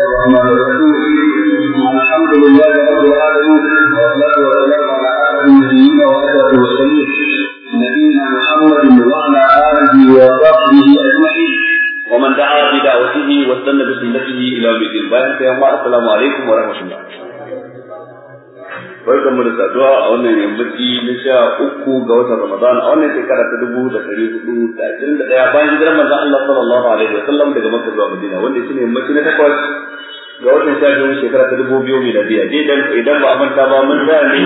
اللهم على رسول الحمد لله رب العالمين والصلاه والسلام على النبيين واشرف المرسلين نبينا محمد وعلى اله اجمعين ومن دعا بدعوته واستنى بسنته الى بيت الدين. السلام عليكم ورحمه الله. barkan mu da saduwa a wannan yammaci na sha uku ga watan Ramadan a wannan shekara ta dubu da ɗari hudu da ashirin da ɗaya bayan hijirar manzon Allah sallallahu alaihi wa sallam daga Makka zuwa Madina wanda shine yammaci na takwas ga watan sha biyu shekara ta dubu biyu miladiya idan idan ba a manta ba mun da ne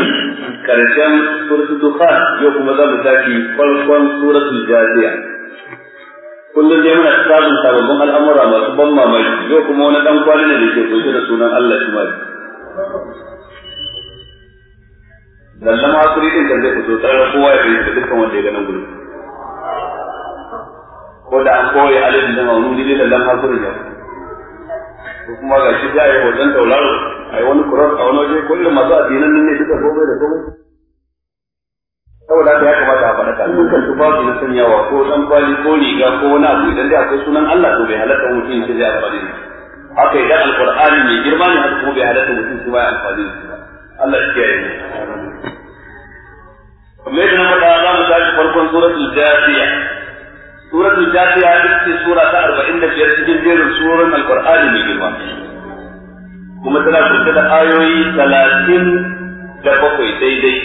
karshen suratul dukhan yau kuma za mu tafi farkon suratul jaziya kullum dai muna sabon sababbin al'amura masu ban mamaki yau kuma wani dan ne da ke kunshe da sunan Allah shi ma ma hakuri din da zai fito tsarar kowa ya fahimta dukkan wanda ya ga nan gudu. ko da an koya alin da maunu ne da lallama hakuri ya ko kuma ga shi ya yi hoton tauraro a yi wani kurar a wani waje kullum masu addinan nan ne duka gobe da gobe saboda haka ya kamata a faɗa ta dukkan su na sanyawa ko dan kwali ko riga ko wani abu idan dai akwai sunan Allah to bai halatta mutum ya zai amfani haka idan alqur'ani mai girma ne haka kuma bai halatta mutum ya amfani Allah ya yi kamar yadda na faɗa za mu tashi farkon suratul jafiya suratul jafiya ita ce sura ta arba'in da biyar cikin jerin surorin alkur'ani mai girma kuma tana kunshe da ayoyi talatin da bakwai daidai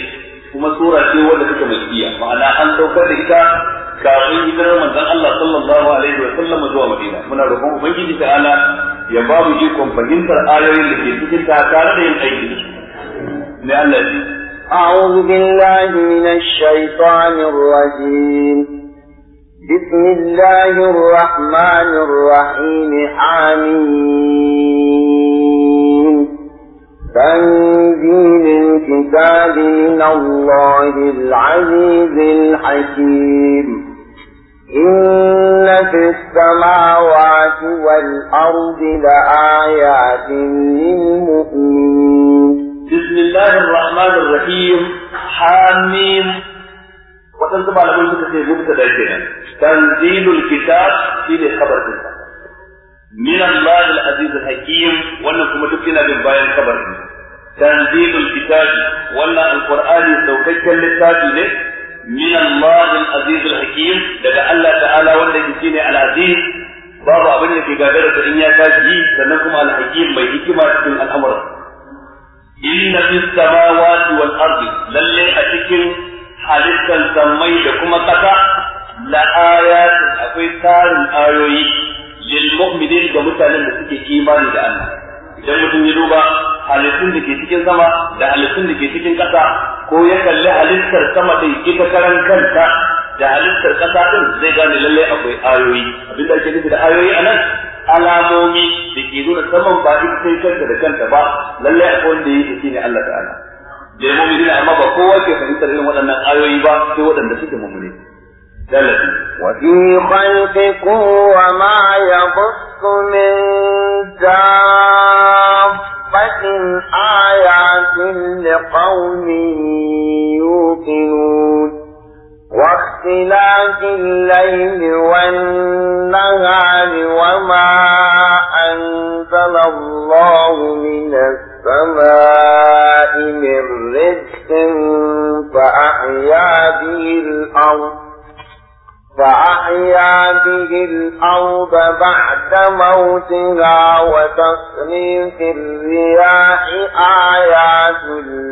kuma sura ce wanda suka makiya ma'ana an saukar da ita kafin hijirar manzon Allah sallallahu alaihi wa sallam zuwa Madina muna roƙon ubangiji ta'ala ya ba mu ikon fahimtar ayoyin da ke cikin ta tare da yin aiki da su ne Allah ya أعوذ بالله من الشيطان الرجيم بسم الله الرحمن الرحيم آمين تنزيل الكتاب من الله العزيز الحكيم إن في السماوات والأرض لآيات للمؤمنين بسم الله الرحمن الرحيم حاميم وتنسب على كل شيء مبتدا كده تنزيل الكتاب في خبر كده من الله العزيز الحكيم وانا كما تكينا بالبيان خبر تنزيل الكتاب وانا القرآن سوكك للتاب من الله العزيز الحكيم لدى الله تعالى وانا كتيني العزيز بابا abin da ke gagara da in ya tashi sannan kuma alhakim mai hikima cikin al'amuran inna fis samawati wal ardi lalle a cikin halittan sammai da kuma kasa la ayatin akwai tarin ayoyi lil mu'minin ga mutanen da suke imani da Allah idan mutum ya duba halittun da ke cikin sama da halittun da ke cikin kasa ko ya kalli halittar sama da ita karan kanta da halittar kasa din zai gane lalle akwai ayoyi abinda ake nufi da ayoyi anan alamomi da ke nuna saman ba ita sai kanta da kanta ba lalle akwai wanda yake shine Allah ta'ala da mu'mini amma ba kowa ke fahimtar irin waɗannan ayoyi ba sai waɗanda suke mu'mini dalili وفي خلقكم وما يبص من دابة آيات لقوم يوقنون واختلاف الليل والنهار وما أنزل الله من السماء من رزق فأحيا به الأرض فأحيا به الأرض بعد موتها وتصريف الرياح آيات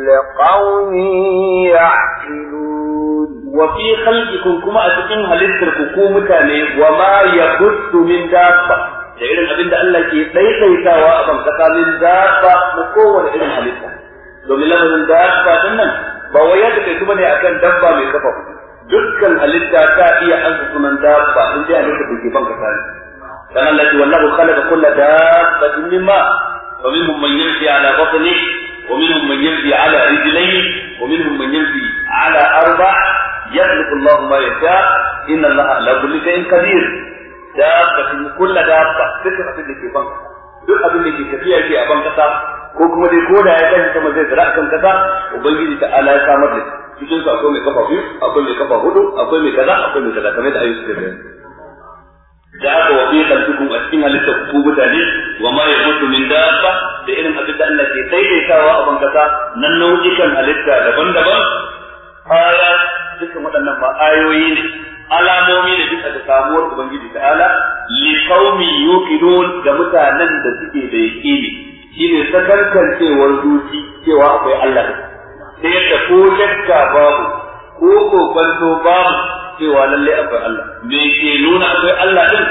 لقوم يعقلون وفي خلقكم كما أتكن هلتر حكومة وما يبث من دابة da irin abin da Allah ke daidaitawa a kan tsakanin dabba da kowane irin halitta domin lamarin dabba din ba wai ya take kuma ne akan dabba mai kafa dukkan halitta ta iya ansa sunan dabba in dai halitta da ke banka tare dan Allah ya wallahu khalaqa kull dabbatin mimma wa minhum man yamshi ala batni wa minhum man yamshi ala rijlayhi wa minhum man yamshi ala arba yakhluqu Allah ma yasha inna Allah ala kulli shay'in qadir dabbatin kull dabba dukkan abin da ke banka duk abin da ke tafiya ke a banka ko kuma dai da ya tashi sama zai tsira kan kasa ubangiji ta ala ya samar da shi cikin sa akwai mai kafa biyu akwai mai kafa hudu akwai mai kaza akwai mai kaza kamar da ayyuka da bayani da aka wafi fi a cikin halitta ku mutane wa ma yamutu min dabba da irin abin da Allah ke daidaitawa a bankasa nan nau'ikan halitta daban-daban aya dukkan waɗannan ba ayoyi ne alamomi ne bisa da samuwar ubangiji ta'ala li qaumi yuqidun ga mutanen da suke da yaqini shine sakankan cewar zuci cewa akwai Allah sai yadda ko shakka babu ko kokonto babu cewa lalle akwai Allah me ke nuna akwai Allah din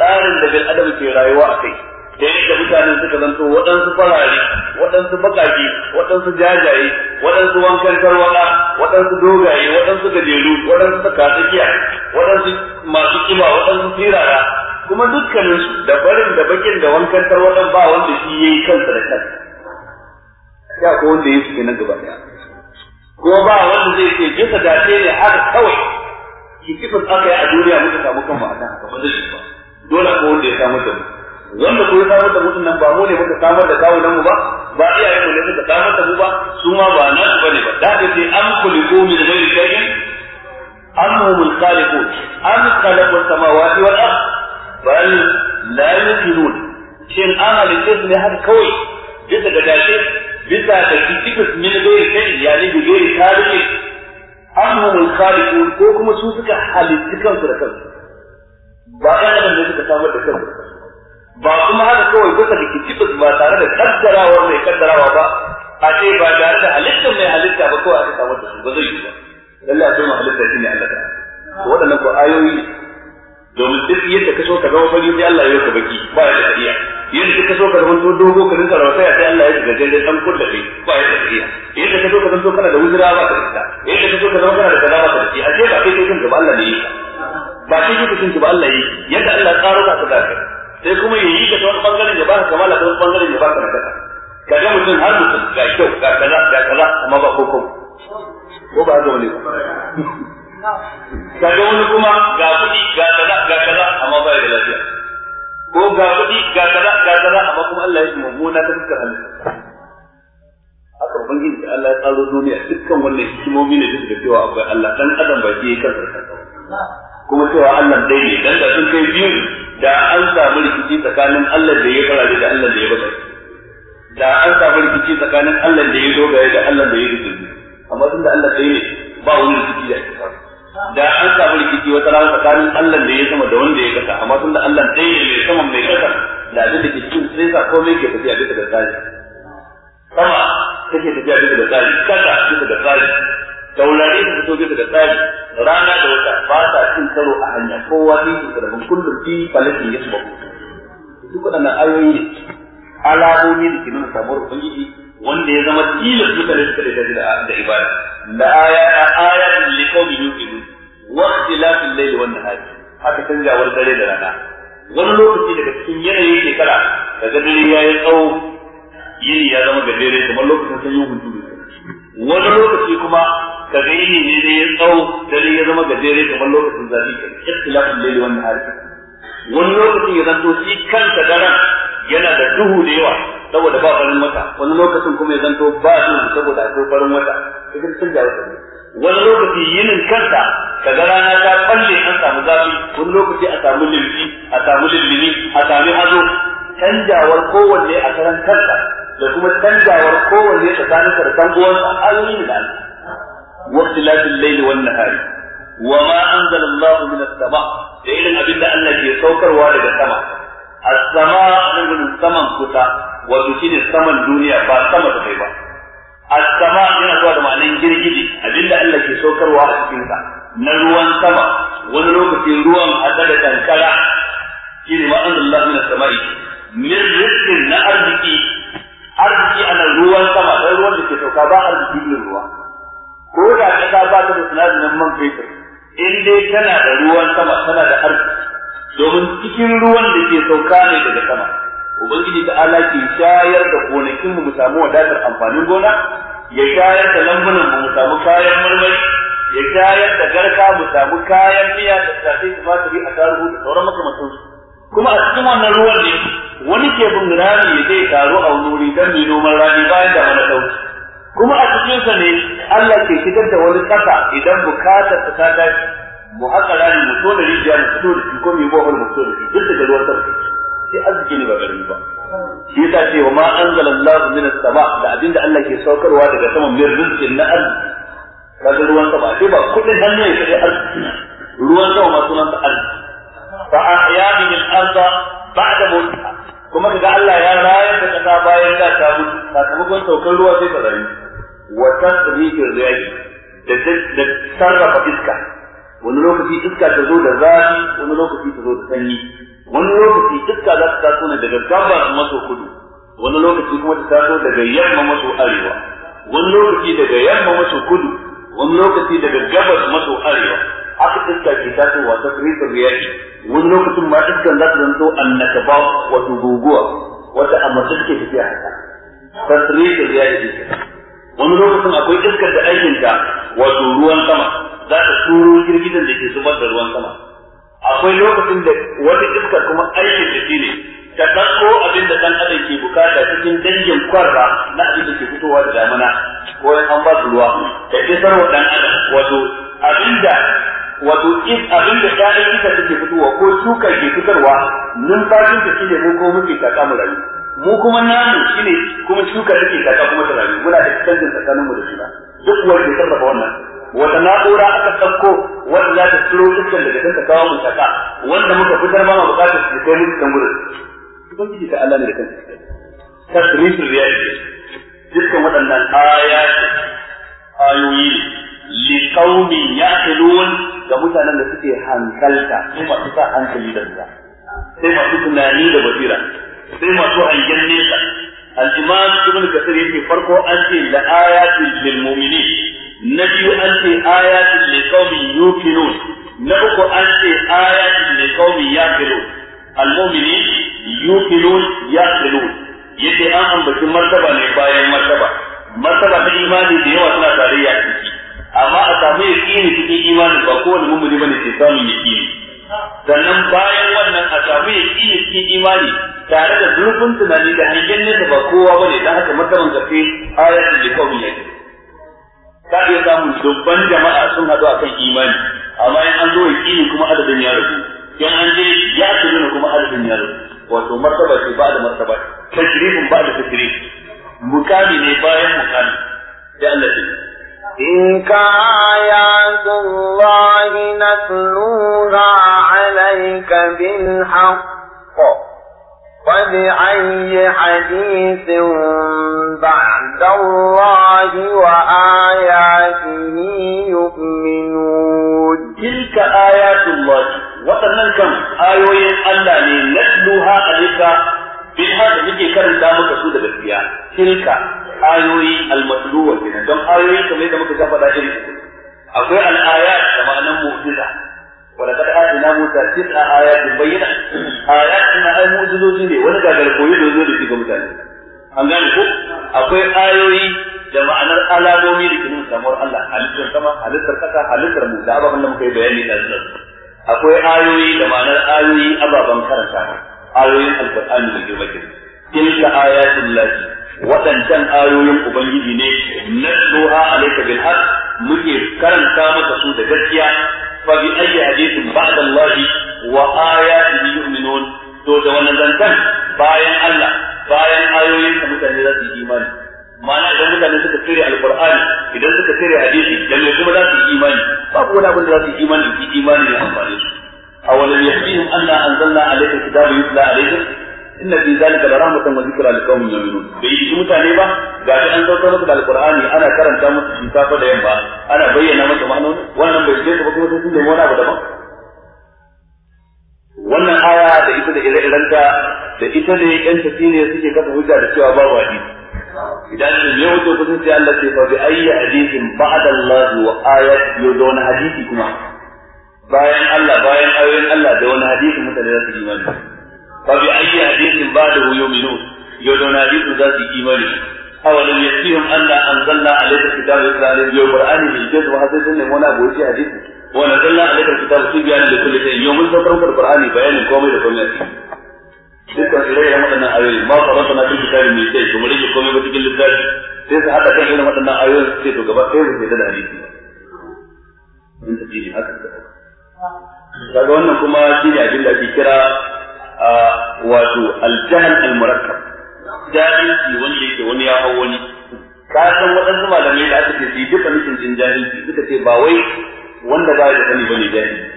tsarin da bil adam ke rayuwa a kai da yadda mutane suka zanto waɗansu farare waɗansu baƙaƙe waɗansu jajaye waɗansu wankan tarwaɗa waɗansu dogaye waɗansu gajeru waɗansu tsakatsakiya waɗansu masu kima waɗansu sirara kuma dukkanin su da barin da bakin da wankan tarwaɗan ba wanda shi yayi kansa da kansa ya ko wanda yake na gaba ɗaya Kuma ba wanda zai ce da dace ne haka kawai kifin aka yi a duniya muka samu ba a nan haka ba zai ba dole ko wanda ya samu da mu wanda ko ya samu da mu nan ba mu ne muka samar da kawo mu ba ba iya mu ne muka samar da mu ba su ma ba na su bane ba da ka ce an kuliku min ghairi shay'in annahum al-khaliqun an khalaqa as-samawati wal ard bal la yuqinun shin ana ne haka kawai jinsa da dace bisa da kitabus min gairi kai ne da gairi tarihi annahum khaliqun ko kuma su suka halitta kansu da kansu ba ɗan adam ne suka samu da kansu ba kuma haka kawai bisa da kitabus ba tare da kaddarawa mai kaddarawa ba a ce ba da da halitta mai halitta ba ko aka samar da su ba zai yi ba a ce mai halitta ne Allah ta waɗannan ko ayoyi domin duk yadda ka so ka ga wani Allah ya yi ka baki ba ya da iya yadda ka so ka zama to dogo ka rinka rawa sai Allah ya gaje da dan kullu kai ko ai da iya yadda ka so ka zama kana da wuzura ba ka da yadda ka so ka zama kana da kaza ba ka da ce ba kai kin gaba Allah ne ba kai kin gaba Allah ne yadda Allah ya tsara ka da kai sai kuma yayi ka ta wani bangaren ya ba ka kamala ta bangare bangaren ya ba ka nakata ka ga mutum har mutum ga kyau ga kaza ga kaza amma ba ko ko ba ga wani ka ga wani kuma ga kudi ga kaza ga kaza amma ba ya da lafiya ko ga kuɗi ga kaza ga kaza amma kuma Allah ya yi mummuna ta dukkan halitta haka ubangiji da Allah ya tsaro duniya dukkan wannan hikimomi ne da cewa akwai Allah dan adam ba ke kansa kansa kuma cewa Allah dai ne dan da sun kai biyu da an samu rikici tsakanin Allah da ya fara da Allah da ya bada da an samu rikici tsakanin Allah da ya dogaye da Allah da ya rubuta amma tunda Allah dai ne ba wani rikici da ya fara da an samu rikici wata rana tsakanin Allah da ya sama da wanda ya kasa amma tunda Allah ɗaya ne sama mai kasa da abin da ke cikin sai sa komai ke tafiya bisa da tsari sama take tafiya bisa da tsari kasa bisa da tsari taurari su fito bisa da tsari rana da wata ba ta cin karo a hanya kowa ne ke karamin kullum fi falakin ya subahu duk waɗannan ayoyi ne alamomi da ke nuna samuwar ubangiji wanda ya zama tilas da suka da da ibada da aya aya li qawmi yuqinu wa ikhtilafil layli wan nahar haka canjawar dare da rana wani lokaci daga cikin yanayin shekara daga dare ya yi tsawo yini ya zama gajere kamar lokacin sanyi hunturu wani lokaci kuma kaga yini ne ne ya tsawo dare ya zama gajere kamar lokacin zafi ikhtilafil layli wan nahar wani lokacin ya zanto shi kanka daren yana da duhu da yawa saboda ba farin wata wani lokacin kuma ya zanto ba duhu saboda ko farin wata idan sun jawo wata wani lokaci yinin kansa ga rana ta kalle an samu zafi wani lokaci a samu limfi a samu lillimi a sami hazo canjawar kowanne a karan kansa da kuma canjawar kowanne tsakaninsa da tanguwansa ayoyi da Allah واختلاف الليل والنهار وما أنزل الله min السماء da irin abin da Allah ke saukarwa daga sama as-sama nan gurin saman kusa wato ne saman duniya ba sama da bai ba as-sama yana zuwa da ma'anar girgiji abinda Allah ke saukarwa a cikin sa na ruwan sama wani lokacin ruwan hada da kankara shine ma anzalallahu min as-sama'i min rizqin na arziki arziki ana ruwan sama da ruwan da ke sauka ba arziki ne ruwa ko da kasa ba ta da sinadarin man fetur in dai tana da ruwan sama tana da arziki domin cikin ruwan da ke sauka ne daga sama ubangiji ta ala ke shayar da gonakin mu samu wadatar amfanin gona ya shayar da lambunan mu mu samu kayan marmari ya shayar da garka mu samu kayan miya da tafi tumaturi a taruhu da sauran makamantan su kuma a cikin wannan ruwan ne wani ke bin rami ya zai taro a wani wuri don mai noman rani bayan da mana dauki kuma a sa ne Allah ke fitar da wani ƙasa idan bukatar ta ta tashi mu haƙa rani mu so da rijiya mu fito da shi ko mai yi bohol mu so da shi duk da ruwan sarki sai arziki ne ba gari ba shi yasa ce wa ma anzalallahu min as-sama da abinda Allah ke saukarwa daga saman min rizqin na arziki kaga ruwan sama sai ba kudin hannu ne sai arziki ruwan sama ma sunan sa arziki fa ahya min al-ardh ba'da mawtiha kuma kaga Allah ya rayar da kasa bayan da ta mutu sakamakon saukar ruwa sai ta rayu wa tasriqir riyahi da sarrafa iska wani lokaci iska ta zo da zafi wani lokaci ta zo da sanyi wani lokaci iska za ta taso ne daga gabas maso kudu wani lokaci kuma ta taso daga yamma maso arewa wani lokaci daga yamma maso kudu wani lokaci daga gabas maso arewa haka iska ke tasowa ta firisar yaki wani lokacin ma iska za ta zanto ba wato guguwa wata a mace take tafiya haka ta firisar yaki wani lokacin akwai iskar da aikinta wato ruwan sama za ta turo girgizan da ke zubar da ruwan sama akwai lokacin da wata iskar kuma aikin da ne ta ɗauko abin da ɗan adam ke bukata cikin dangin kwarra na abin da ke fitowa da damana ko an ba su ruwa ta isar wa ɗan adam wato abin da wato in abin da ta ita suke fitowa ko shuka ke fitarwa numfashin da shi mu ko muke kaka mu rayu mu kuma namu ne kuma shuka take kaka kuma ta rayu muna da canjin tsakaninmu da juna duk wanda ya sarrafa wannan wata na'ura aka ɗauko wanda za ta turo iskan daga kan ta kawo mu shaka wanda muka fitar ba mu bukatar su kai mu cikin gurin ubangiji ta Allah ne da kansa tasrifin riyadi dukkan waɗannan ayati ayoyi li qaumin yaqilun ga mutanen da suke hankalta sai masu sa hankali da ruwa sai masu tunani da basira sai masu hangen nesa al-imam ibn kasir yake farko an ce la ayatin lil mu'minin na biyu an ce ayatin li qaumi yuqinun na uku an ce ayatin li qaumi yaqilun al-mu'mini ya yaqilun yace an ambaci martaba ne bayan martaba martaba ta imani da yawa suna ya ciki amma a samu yaqini cikin imani ba kowane mu'mini bane ke samun yaqini sannan bayan wannan a samu yaqini cikin imani tare da zurfin tunani da hangen nesa ba kowa bane dan haka martaban gaske ayatin li qaumi yaqilun ka iya samun dubban jama'a sun haɗu akan imani amma in an zo yaƙini kuma adadin ya rabu in an je ya tsirina kuma adadin ya rabu wato martaba ce ba da martaba tashrifin ba da tashrif mukami ne bayan mukami ya Allah ce تلك آيات الله نتلوها عليك بالحق فبأي حديث akwai al'aya da ma'anar mu'jiza wa laqad atina musa tis'a ayatin bayyina ayat na ai mu'jizoji ne wani gagar koyi da zo da shi ga mutane an gane ko akwai ayoyi da ma'anar alamomi da kinin samuwar Allah halittar sama halittar kasa halittar mu da ababen da muka yi bayani da zuwa akwai ayoyi da ma'anar ayoyi ababen karanta ayoyin alqur'ani da girma girma tilka ayatin lati waɗancan ayoyin ubangiji ne nasruha alayka bil haqq muke karanta maka su da gaskiya fa bi ayyi hadithin ba'da Allah wa ayatihi yu'minun to da wannan zantan bayan Allah bayan ayoyin da mutane za su yi imani ma'ana idan mutane suka tsere alqur'ani idan suka tsere hadisi dan me kuma za su yi imani babu wani abin da za su yi imani da imani ne amfani su awalan yahdihim anna anzalna alayka kitaba yutla alayhim inna fi zalika la rahmatan wa dhikra liqaumin yu'minun bai yi mutane ba ga an zauka musu da alqur'ani ana karanta musu shi da yamma ana bayyana musu ma'anoni wannan bai je ba kuma sun nemi wani abu daban wannan aya da ita da ire-irenta da ita ne yan tafi ne suke kafa hujja da cewa babu hadisi idan sun yi wato kusa sai Allah ce fa bi ayyi hadisin ba'da Allah wa ayat yudona hadisi kuma bayan Allah bayan ayoyin Allah da wani hadisi mutane za su imani fa bi ayyi hadithin ba'dahu yu'minun yau da hadithin za su yi imani awalan yasihum anna a alayka kitaba ya alayhi wa qur'ani bil jazm wa hadithin ne a boye hadithin wa biya ne kitaba kulle li kulli shay'in yawmin zakara qur'ani bayanin komai da komai dukkan ire-iren waɗannan ayoyi ma faranta na cikin kitabi mai sai kuma rage komai ba cikin littafi sai su haɗa kan irin waɗannan ayoyin su ce to gaba ɗaya ba sai da hadisi ba tafi ta haka ta wannan kuma shi ne abin da ake kira wato aljahal almurakkab jahilci wani yake wani ya hau wani ka san waɗansu malamai da aka ce su yi duka nufin jin jahilci suka ce ba wai wanda ba ya da sani bane jahilci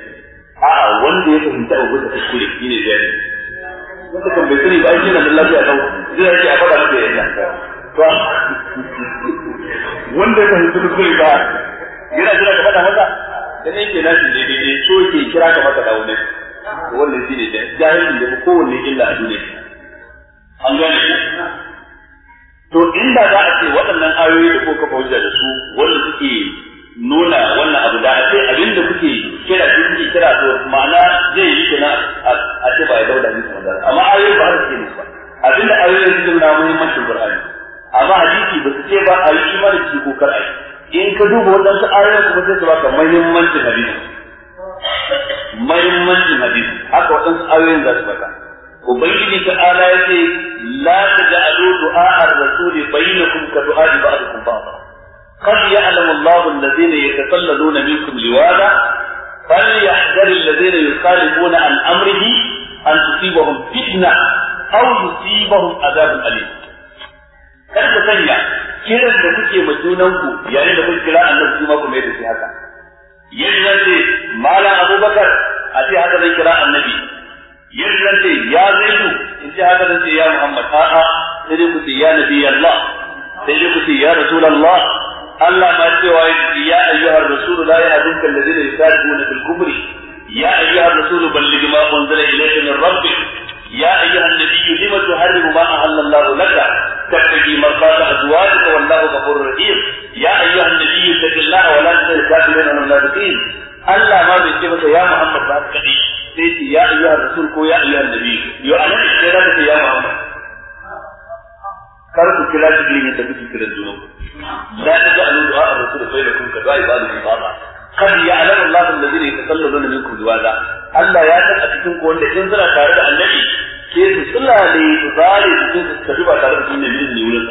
a'a wanda ya fahimta abu da kuskure ne jahilci wanda kan bai sani ba shi na da lafiya kan zai yake a faɗa maka ya to wanda ya fahimci kure ba yana jira ka faɗa masa yake ne ke ne daidai so ke kira ka masa dawo ne wannan shi ne jahilin da kowanne illa a duniya an gane to inda za a ce waɗannan ayoyi da ko kafa hujja da su wanda suke nuna wannan abu da sai abin da kuke kira shi kuke kira to ma'ana zai yi kina a ce ba ya dauda ni kamar amma ayoyi ba haka ke ba abinda ayoyin suke nuna muhimmancin Qur'ani amma hadisi ba su ce ba a yi imani ko kar a yi in ka duba waɗansu ayoyin kuma sai su baka muhimmancin hadisi mahimmancin hadisi haka waɗansu ayoyin za su faɗa ubangiji ta ala ya ce la ta ja'alu du'a ar-rasuli bainakum ka du'a ba'dukum ba'd qad ya'lamu Allahu alladhina yatasallaluna minkum liwada فليحذر الذين يخالفون عن امره ان تصيبهم فتنه او يصيبهم عذاب اليم kada ka sanya kiran da kuke ma junanku yayin da kun kira annabi kuma ku mai da shi haka yadda zan ce mala abubakar a ce haka zan kira annabi yadda zan ce ya zaidu in ce haka zan ce ya muhammad a'a sai dai ku ce ya nabi allah sai dai ku ce ya rasulallah Allah ma cewa ya ayyuhar rasulu la ya'dunka alladhina da bil kufri ya ayyuhar rasulu balligh ma unzila ilayka min rabbik يا أيها النبي لم تحرم ما أحل الله لك تبتغي مرضات أزواجك والله غفور رحيم يا أيها النبي اتق الله ولا تطع الكافرين والمنافقين Allah ma bai ce masa Muhammad ba ka dai sai ce ya ayyuha rasul ko ya ayyuha nabi yo anan sai Muhammad kar ku kira shi ne da kuke kira zuwa da ta ga annabi a rasul sai da ba da ya alama Allah ya san a cikin ko wanda in suna tare da annabi ke su sulale su zare su je su tafi ba tare da sun nemi ne wurin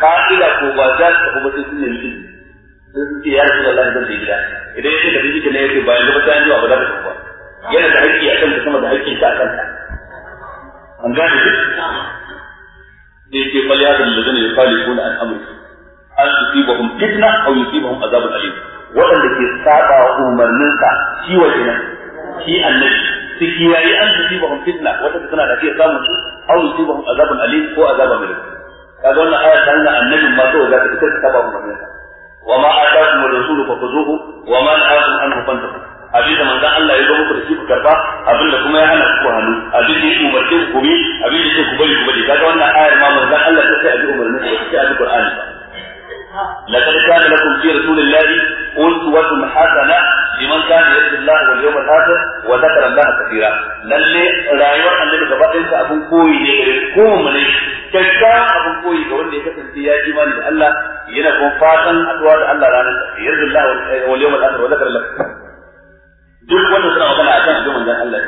ka ila ko ba za su tafi ba sai sun nemi ne sai sun ce ya rasu da lafi zan gida idan ya ce da bijiki ne ya ce bayan gaba ta an jiwa ba za ka tafi ba yana da haƙƙi a kanta sama da haƙƙin ta a kanta an gane duk ne ke fal ya da zane ya fali ko na al'amurki an yusibahum fitna aw yusibahum azabin alim waɗanda ke saɓa umarninsa ciwon kenan shi annabi su kiyaye an su tiba fitna wata da suna da fiye samun su au su tiba hun azabun alim ko azabun kaga wannan ta nuna ma ta ba mu mai wa ma atakum rasulu fa khuzuhu wa ma abin da manzon Allah ya muku da shi ku karba abin da kuma ya hana ku hannu abin da ku bi abin da ku bari ku bari kaga wannan ma manzon Allah a ji da a Qur'ani لقد na لكم في رسول الله أسوة حسنة لمن كان يرجو الله واليوم الآخر وذكر الله كثيرا للي رايوة النبي gaba ɗayansa abin koyi ne gare ne kyakkyawan abin koyi ga wanda ya kasance ya ji imani da Allah yana kuma fatan haɗuwa da Allah ranar da yarda Allah al-akhir wa zakar Allah duk wanda suna magana akan abin manzon Allah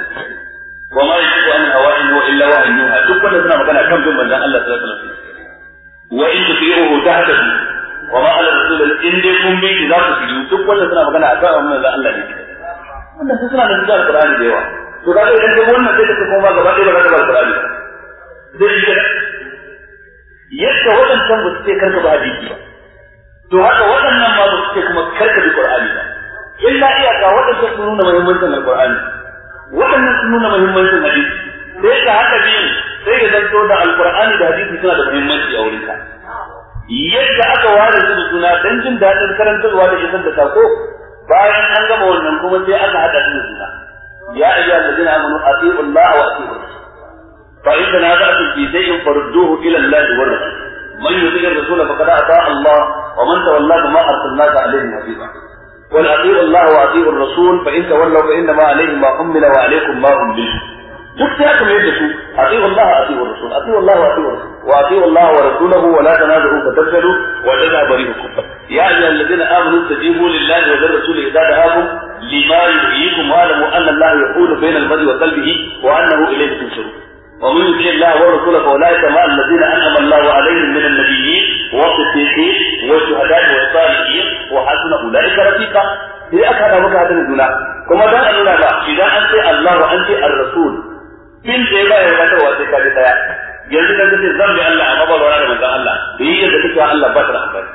wa ma yaqulu an hawa'in wa illa wahyun duk wanda suna magana kan bin manzon Allah sallallahu alaihi wasallam wa in tusiruhu tahtadu wa ma ala rasul in dai kun bi ki za ku ji duk wanda suna magana a kan wannan Allah ne wannan su suna da zuwa alqur'ani da yawa to da idan ka wannan sai ka koma gaba ɗaya ba ka alqur'ani dai shi yadda waɗancan ba su ce karka ba hadisi ba to haka waɗannan ma ba su ce kuma karka bi qur'ani ba illa iyaka waɗancan sun nuna muhimmancin alqur'ani waɗannan sun nuna muhimmancin hadisi sai ka haka biyu sai ka zanto da alqur'ani da hadisi suna da muhimmanci a wurinka yadda aka ware su da juna dan jin dadin karantarwa da isar da sako bayan an gama wannan kuma sai aka haɗa su da juna ya ayyuha alladhina amanu atiiu Allah wa atiiu fa in tanaza'tum fi shay'in farudduhu ila allahi wa rasul man yuti ar-rasul faqad ata allah wa man tawalla ma arsalnaka alayhi hasiba rasul fa الله وأطيعوا fa inna ma alayhi ma ما wa alaykum ma حملتم duk sai aka mayar da su atiu Allah wa atiu Rasul atiu Allah wa atiu Rasul wa atiu Allah wa Rasulahu wa la tanazu fa tafsalu wa tad'a barihukum ya ayyuha alladhina amanu tajibu lillahi wa rasul idza da'akum lima yuhyikum wa alamu anna Allah yaqulu bayna al-mar'i wa qalbihi wa annahu ilayhi tushurun ومن يطع الله ورسوله فاولئك مع الذين انعم الله عليهم من النبيين والصديقين والشهداء والصالحين وحسن اولئك رفيقا sai aka haɗa maka hadin juna kuma dan a nuna idan an sai Allah wa an ce ar-rasul bil da ya ba ya mata wa sai kaji daya yanzu kan kace zan bi Allah amma ba lura da manzon Allah da yi yadda kake Allah ba ta amfani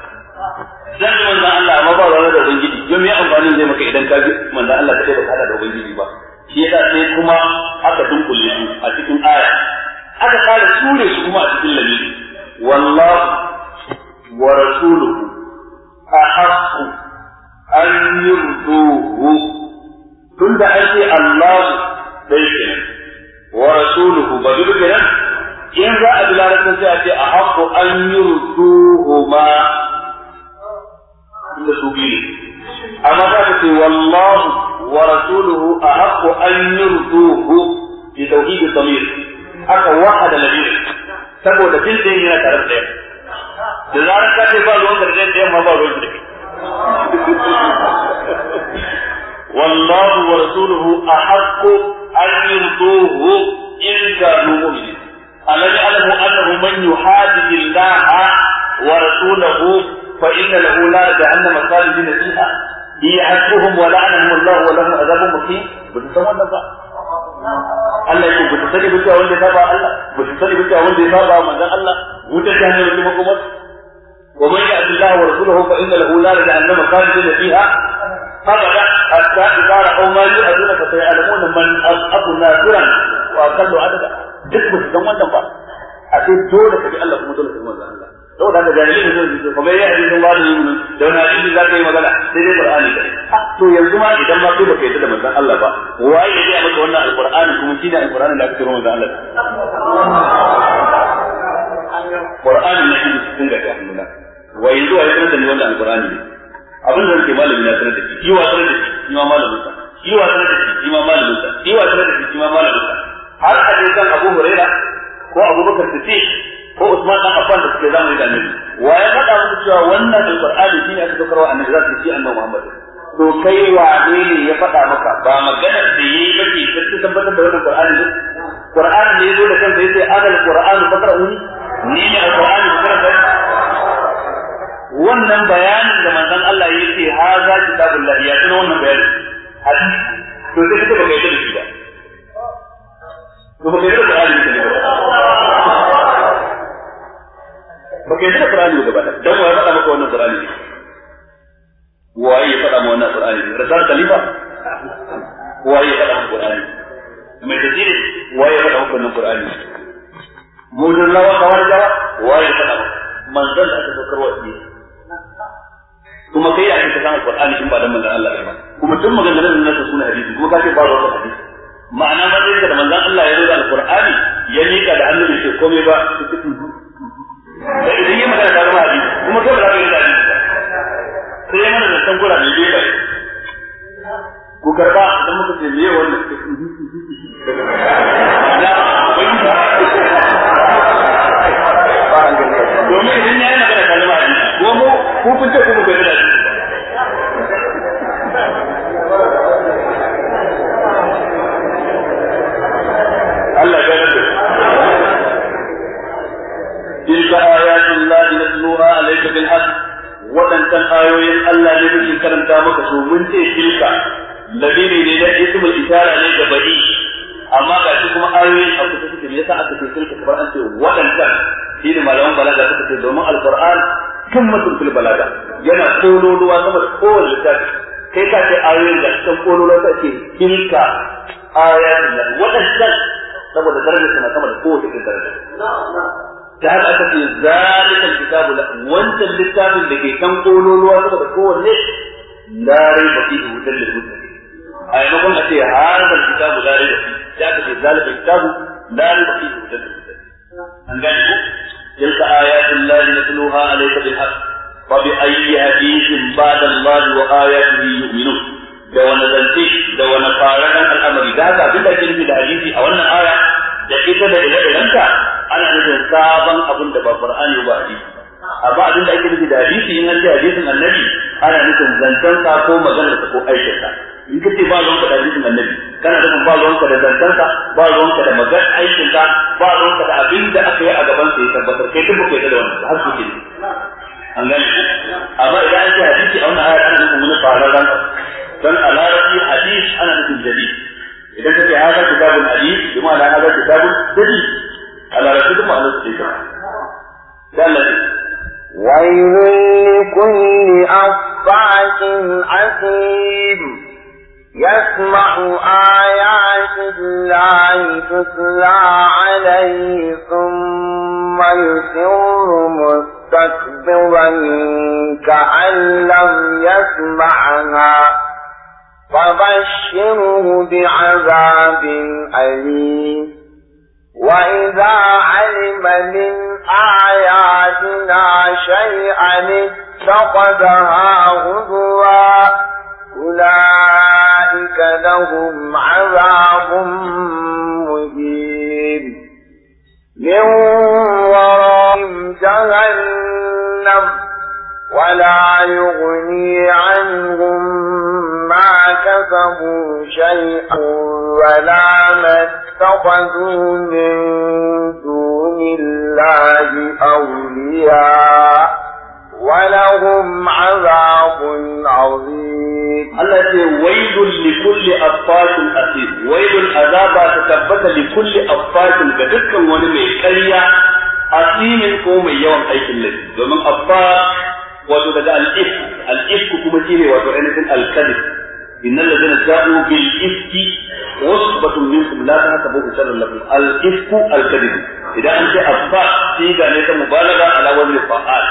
zan bi manzon Allah amma ba lura da ubangiji yau me amfanin zai maka idan ka bi manzon Allah kake ba ka da ubangiji ba shi yasa sai kuma aka dunkule su a cikin aya aka fara sure su kuma a cikin lamiri wallahu wa rasuluhu ahaqqu an yurduhu tunda ake Allah dai kenan wa rasuluhu badulu kenan in za a bi larabcin sai a ce a haƙƙo an yi rusuhuma inda su biyu amma za ka ce wallahu wa rasuluhu a haƙƙo an yi rusuhu bi tauhidi samir aka wahada nabi saboda jin da yana tare da yau da zarar ka ce ba ruwan da zai da ba ruwan da والله ورسوله أحق أن يرضوه إن كانوا مؤمنين ألم يعلم أنه من يحادث الله ورسوله فإن له نار جهنم خالدين فيها هي حسبهم ولعنهم الله ولهم عذاب مقيم بتسوى النبأ Allah ya ba ta sani ba cewa wanda ya saba Allah ba ta sani ba cewa wanda ya saba manzon Allah wutar jahannama kuma kuma ومن يعص الله ورسوله فان له نار جهنم خالدا فيها ابدا حتى اذا راوا ما يؤذون فسيعلمون من اصحاب ناصرا واقل عددا duk ba su san wannan ba a sai dole ka bi Allah kuma dole ka manzo Allah saboda haka jahilin ne zai kuma ya yi zan wani yi da wani hadisi za ka yi magana sai dai Qur'ani kai to yanzu ma idan ma kai baka yarda da manzon Allah ba waye ya ga maka wannan alqur'ani kuma shi ne alqur'ani da aka tsoro Allah Qur'ani ne shi cikin ga hannuna wa yanzu wa ya da ni wannan alqur'ani ne abin da zai malami na sanar da shi shi wa da shi shi ma malamin sa shi wa da shi shi ma malamin sa shi wa da shi shi ma malamin sa har a je kan Abu Huraira ko Abu Bakar Siddiq ko Usman dan afan da suke zamani da ne wa ya faɗa muku cewa wannan shi ne aka daukarwa Annabi za su ci Annabi Muhammad to kai wa ne ya faɗa maka ba magana da yi kake kace tabbatar da wannan Qur'ani ne Qur'ani ne zo da kansa yace azal Qur'anu fakra'uni ni ne alqur'ani fakra'uni wannan bayanin da manzon Allah ya ce ki kitabullah ya tun wannan bayanin hadisi to sai kake ga yi da shi ba to baka yi da Qur'ani ne ba baka yi da Qur'ani ba dan wa faɗa maka wannan Qur'ani ne waye ya faɗa maka wannan Qur'ani ne Rasul Khalifa waye ya faɗa maka Qur'ani mai tafsiri waye ya faɗa maka wannan Qur'ani mujin lawa kawar da waye ya faɗa maka manzon da aka saukar ne kuma kai yayin ka san Qur'ani in ba dan manzon Allah ba kuma duk da nan suna hadisi kuma kace ba wannan hadisi ma'ana ma sai da manzon Allah ya rubuta qurani ya mika da annabi ce komai ba su cikin da idan ya da ruwa hadisi kuma kai ba za ka yi hadisi sai yana da san Qur'ani ne ba ku karba dan muka ce me wannan na ba domin ku kun ce ku ku gani Allah ya gani تلك آيات الله نتلوها عليك بالحق waɗancan ayoyin Allah ne muke karanta maka su mun ce tilka labiri ne da ismul isara ne da bari amma ga shi kuma ayoyin a kusa suke me yasa aka ce tilka kamar an ce waɗancan shi ne malaman balaga suka ce domin alquran himmatun fil balaga yana ruwa sama da kowane littafi kai ka ce ayoyin da cikin kololuwa ta ce tilka ayatin nan waɗannan saboda darajar suna sama da kowace cikin daraja da haka aka ce zalikan kitabu da wancan littafin da ke kan kololuwa sama da lare ba fi da wutar da muttaqin a makon a ce har da kitabu lare da fi da aka ce zalikan kitabu la raiba da hudan da muttaqin an gane ku تلك آيات الله نتلوها عليك بالحق فبأي حديث بعد الله وآياته يؤمنون da wani zance da wani faranan al'amari da haka duk da kirki da hadisi a wannan aya da ita da ire-irenta ana nufin sabon abin da ba Qur'ani ba hadisi amma abin da ake nufi da hadisi in an ce hadisin annabi ana nufin zancen sa ko maganar sa ko aikin sa in kace ba ruwan ka da hadisin annabi kana da ba ruwan ka da zantansa ba ruwan ka da magan aikin ka ba ruwan ka da abin da aka yi a gaban sa ya tabbatar kai duk kai da wannan har kuke kike an gane amma idan an ce hadisi a wannan ayar ana nufin wani fararen dan a larabci hadis ana nufin jadid idan kace hada kitabun hadis ana ma'ana hada kitabun jadid a larabci duk ma'anar su ke kan ويل لكل أفاك أثيم يسمع آيات الله تتلى عليه ثم يسر مستكبرا كأن لم يسمعها فبشره بعذاب أليم وإذا علم من آياتنا شيئا اتخذها هزوا أولئك فأولئك لهم عذاب مهين من ورائهم جهنم ولا يغني عنهم ما كسبوا شيئا ولا ما اتخذوا من دون الله أولياء ولهم عذاب عظيم الله يقول ويل لكل أفاك أثيم ويل العذاب تثبت لكل أفاك بدكا ونمي كريا أثيم قوم يوم أيك الذي ومن أفاك وتبدأ الإفك الإفك كما تيني وتعنة الكذب إن الذين جاءوا بالإفك عصبة منكم لا تحسبوه شرا لكم الإفك الكذب إذا أنت أفاك تيجا ليس مبالغة على وزن الفعال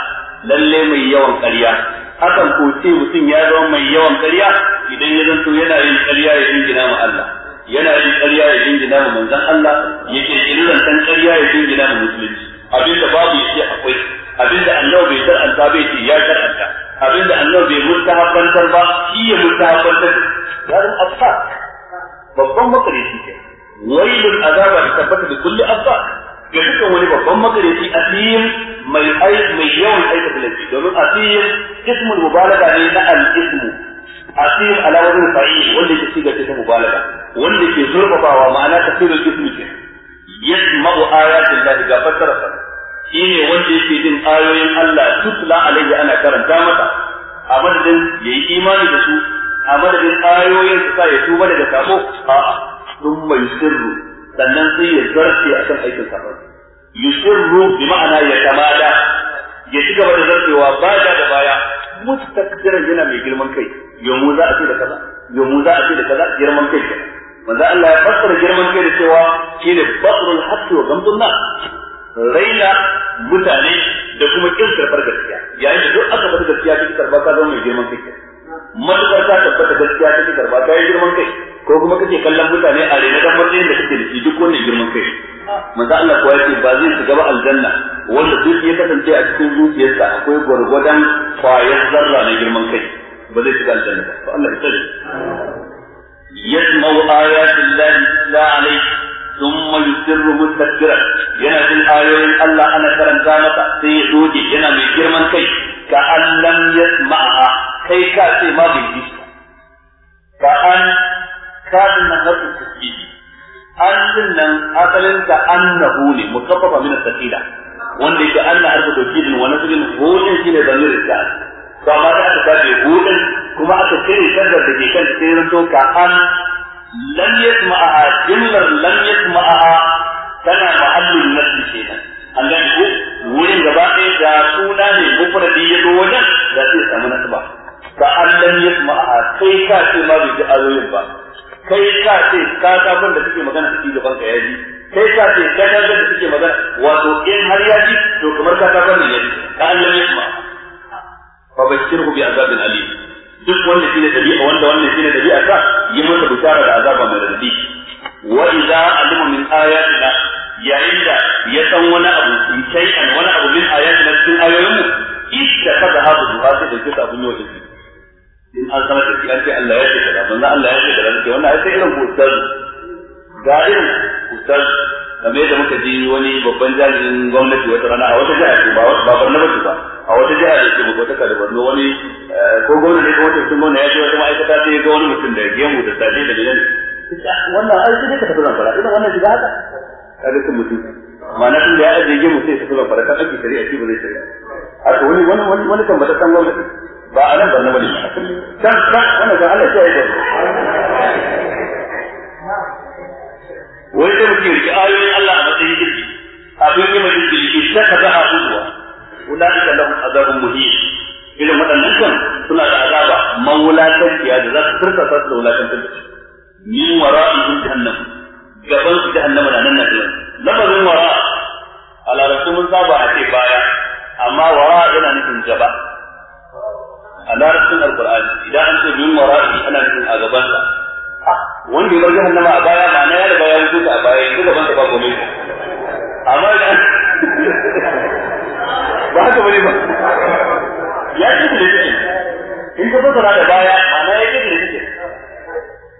lalle mai yawan ƙarya hakan ko ce mutum ya zama mai yawan ƙarya idan ya zanto yana yin ƙarya ya dingina ma Allah yana yin ƙarya ya dingina ma manzon Allah ya ke irin san ƙarya ya dingina ma musulunci abinda babu yake akwai abinda Allah bai shar'anta bai ce ya shar'anta abinda Allah bai mustahabbantar ba shi ya mustahabbantar ya zama abba babban makarici ke wailul azaba tabbata da kulli abba ga dukkan wani babban magareci a mai mai yawan aika laifi domin a asim ismul mubalaga ne na al'ismu ismu asim alawar rufa'i fa'il wanda ke gaske ta mubalaga wanda ke zurfafawa ma'ana tafsirul ismu ke yasma'u ayatin lahi ga fassara sa shine wanda yake jin ayoyin Allah tutla alaihi ana karanta masa a madadin yi imani da su a madadin ayoyin su sa ya tuba daga sabo a'a dun mai sirru sannan sai ya zarce kan aikin sa yusirru bi ma'ana ya tamada ya ci gaba da zarcewa ba da baya mustakbiran yana mai girman kai yomu za a ce da kaza yomu za a ce da kaza girman kai manzo Allah ya fassara girman kai da cewa shine basrul haqqi wa gamdun na raina mutane da kuma kin karbar gaskiya yayin da duk aka bar gaskiya kike karba ka zama mai girman kai matukar ka tabbata gaskiya kike karba ka yi girman kai ko kuma kake kallon mutane a rena dan mutane da kake da shi duk wannan girman kai manzo Allah ko yace ba zai shiga ba aljanna wanda duk ya kasance a cikin zuciyarsa akwai gwargwadon kwayar zarra na girman kai ba zai shiga aljanna ba to Allah ya tsare yasma'u ayatin lahi la alayhi thumma yusirru mustakbiran yana jin ayoyin Allah ana karanta masa sai ya doke yana mai girman kai ka an lam yasma'a kai ka ce ma bai ji ka an kafin nan harfin tasbihi an din nan asalin ta annahu ne mukaffafa min sakila wanda yake anna harfin tasbihin wa nasrin hudin shine zamir da to amma da aka kace hudin kuma aka kai shaddar da ke kan sai ran to ka an lam yasma'aha jillar lam yasma'aha tana ma'allin nafsi kenan an ga ku wurin gaba ɗaya da suna ne mufradi ya zo wajen da sai samu nasaba ka an lam yasma'aha sai ka ce ma bai ji ayoyin ba kai ka ce ka kafin da kike magana kike gaban ka yaji kai ka ce ka kafin da kike magana wato in har yaji to kamar ka kafin ne yaji ka Allah ya kuma fa bashirhu bi azabin ali duk wanda shine dabi'a wanda wannan shine dabi'a ka yi masa bishara da azaba mai radadi wa idza alima min ayatina yayin da ya san wani abu shay'an wani abu min ayatina cikin ayoyinmu idda kaza hadu ba sai da kisa abun yau in an sanar da shi an ce Allah ya ce kaza manzo Allah ya ce kaza ne wannan ai sai irin ustaz ga irin ustaz kamar yadda muka ji wani babban jami'in gwamnati wata rana a wata jiha ce ba ba ba a wata jiha da ke bukata ka da barno wani eh, ko gwamnati ko wata sun gwamnati ya ce wata ma'aikata sai ya ga wani mutum da gemu da sadi da bilan wannan ai sai ka tafi fara irin wannan shiga haka kaga sun mutum ma'ana tun da ya ajiye gemu sai ka tafi fara kan ake shari'a shi ba zai shari'a a to wani wani wani san gwamnati ba a nan barna bane kan ka wani ga Allah sai ya wai da muke rike ayoyin Allah a matsayin girki abin yi mai shi ta ka za a wala ka lahum azabun muhin irin waɗannan kan suna da azaba mawulatantiya da za su turkasa su da wulatantar da min wara'ihim jahannam gaban su jahannama na nan na nan lamarin wara ala rasulun mun saba a ce baya amma wara yana nufin gaba a larabcin alqur'ani idan an ce min wara'i ana nufin a gaban sa ah, wanda ya bar jahannama a baya ba ya riga ya rubuta a baya yanzu gaban ka ba ko amma da ba haka bane ba ya ce da kike in ka fasara da baya na ya ce da kike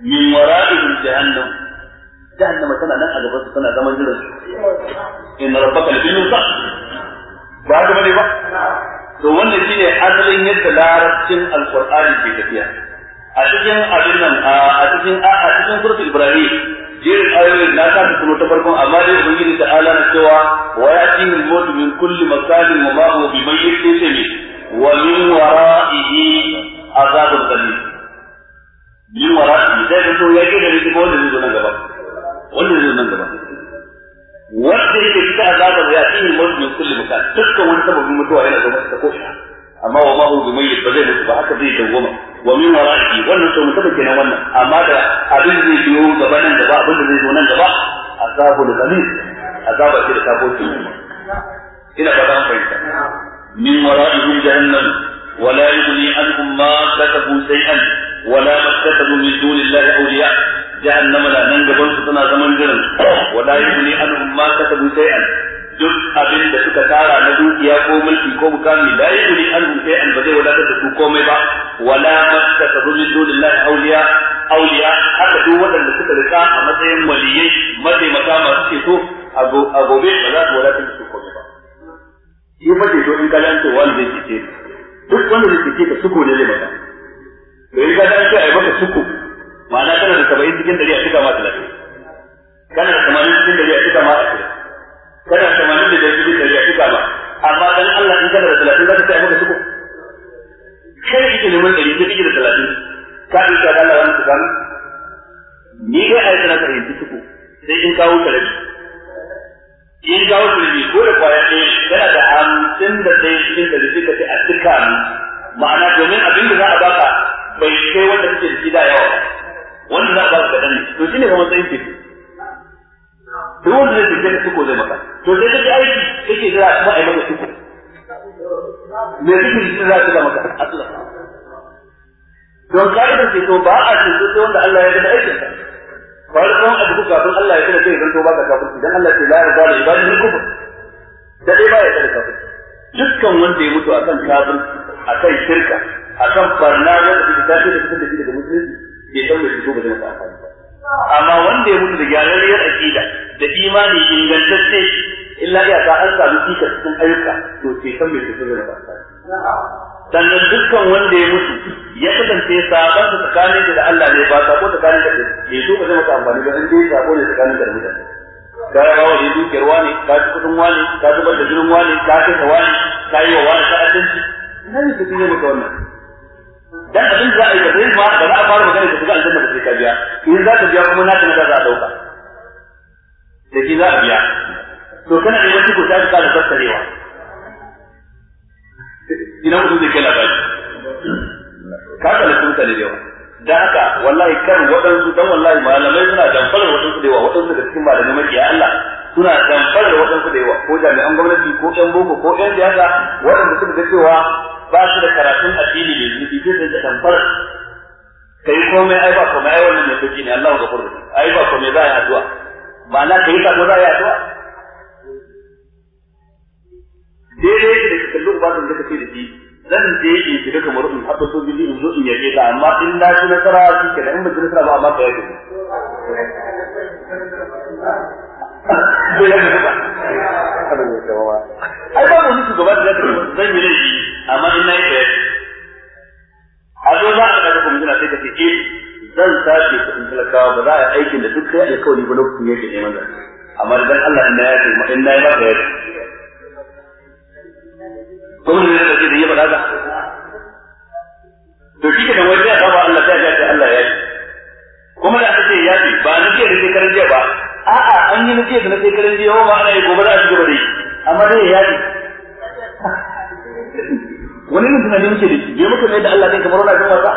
min wara'ihim jahannam jahannama tana nan a gaban su tana zaman jiran su in rabbaka al-insa ba haka bane ba to wannan shine asalin yadda larabcin alqur'ani ke tafiya a cikin abin nan a cikin a cikin suratul ibrahim jirin ayoyin na ta kuma ta farkon amma dai ubangiji ta ala na cewa wa yatihi al mawt min kulli makanin wa ma huwa bi mayyit sai ne wa min wara'ihi azabun qalil min wara'ihi dai to ya ke da rikibo da zuwa nan gaba wannan zuwa nan gaba wanda yake cikin azabar ya fi mutu min kulli makan dukkan wani sababin mutuwa yana zo masa ta ko amma wa mahu bi mayyit ba zai mutu ba haka zai dawoma wa min wara'i wannan sau mutum kenan wannan amma da abin zai biyo gaba nan gaba abin da zai zo nan gaba azabul ghalib azaba ce da ta boce ina ba za mu fahimta min wara'ihim jahannam ولا يغني عنهم ما كسبوا شيئا ولا ما اكتسبوا من دون الله اولياء جهنم لا ننجبن سنا زمن جرن ولا يغني عنهم ما كسبوا شيئا duk abin da suka tara na dukiya ko mulki ko mukami la yuri an sai an bazai wadatar da su komai ba wala masta tabu min dunillahi awliya awliya haka duk waɗanda suka rika a matsayin waliyai mataimaka masu ceto a gobe ba za su wadatar da su komai ba shi fa ceto in ka wanda yake ceto wanda ya cece ka suko ne zai maka to riga da ce ai maka suko ma'ana kana da saba'in cikin dari a cika ma talatin kana da tamanin cikin dari a cika ma ashirin kana da tamanin da cikin dari a cika ma amma dan Allah in kana da talatin za ka sai ai maka suko kai kike neman dari sai cikin da talatin ka yi ka Allah wani tukan ni yi ai kana fahimci suko sai in kawo ka in kawo ka ko da kwaya ɗaya yana da hamsin da ɗaya cikin dari sai ka ce a cika ma. ma'ana domin abin da za a baka bai kai wanda kake da shi da yawa wanda za a baka kaɗan ne to shi ne kuma tsayin teku duk wanda zai tafiya da suko zai maka to sai kake aiki kake jira kuma a yi maka suko me kake jira za a tura maka Allah don da ce to ba a ce sai wanda Allah ya gada aikinsa farkon a duk kafin Allah ya kira kai zanto baka kafin dan Allah ce la yarda li ibadihi kufr da dai ba ya kira kafin. dukkan wanda ya mutu akan kafin. akan shirka akan farna da take tashi da take daga musulunci bai san da shi ba zai masa amfani ba amma wanda ya mutu da gyararriyar aqida da imani ingantacce illa ya ta an samu fika cikin ayyuka to sai san bai fito da sannan dukkan wanda ya mutu ya kasance sabon sa tsakanin da Allah ne ba sabo tsakanin da bai so ba zai masa amfani ba in dai sabo da tsakanin da mutane ka yi rawa da dukiyar wani ka ci kudin wani ka zubar da jinin wani ka kai wani ka yi wa wani ta'addanci ina ne sai zai maka wannan dan abin za a yi da ma da za a fara magana da shiga aljanna ba sai ka biya in za ka biya kuma na ta na za a dauka da shi za a biya to kana da wani kuta da kada tattarewa ina mutum zai kai labari ka ga lafiyar mutane da yawa da haka wallahi kan waɗansu dan wallahi malamai suna damfarar waɗansu da yawa waɗansu da cikin malamai makiya Allah suna damfar da waɗansu da yawa ko jami'an gwamnati ko ƴan boko ko ƴan siyasa waɗanda suka ga cewa ba su da karatun addini mai bi sai da damfar kai komai ai ba komai ai wannan mai sauki ne Allah ya kurkuku ai ba komai za a yi addu'a ma'ana kai ka za a yi addu'a daidai yake da kallo ba da kake da shi zan je in shiga kamar in haɗa sojoji in zo in yaje ka amma in na shi nasara shi da in ba shi nasara ba amma ka yaje bai ba abin ya kawo da zai zai yi laifi amma in nayi da a zo za a kada kuma sai ka ce zan tashi kuɗin talakawa ba za a yi aikin da duk kai alkawari ba lokacin yake neman zai amma dan Allah in nayi da ina nayi ba da gwamnati ne da ce da yi ba da to shi da wani ya ba Allah ta ya ce Allah ya yi kuma da aka ce ya ce ba na ce da shekarar jiya ba a'a an yi nufi da na sai karin biyo ba ana yi gobe da shi gobe amma dai ya yi wani ne tunani muke da shi je muka yadda da Allah zai kamar wani abin wasa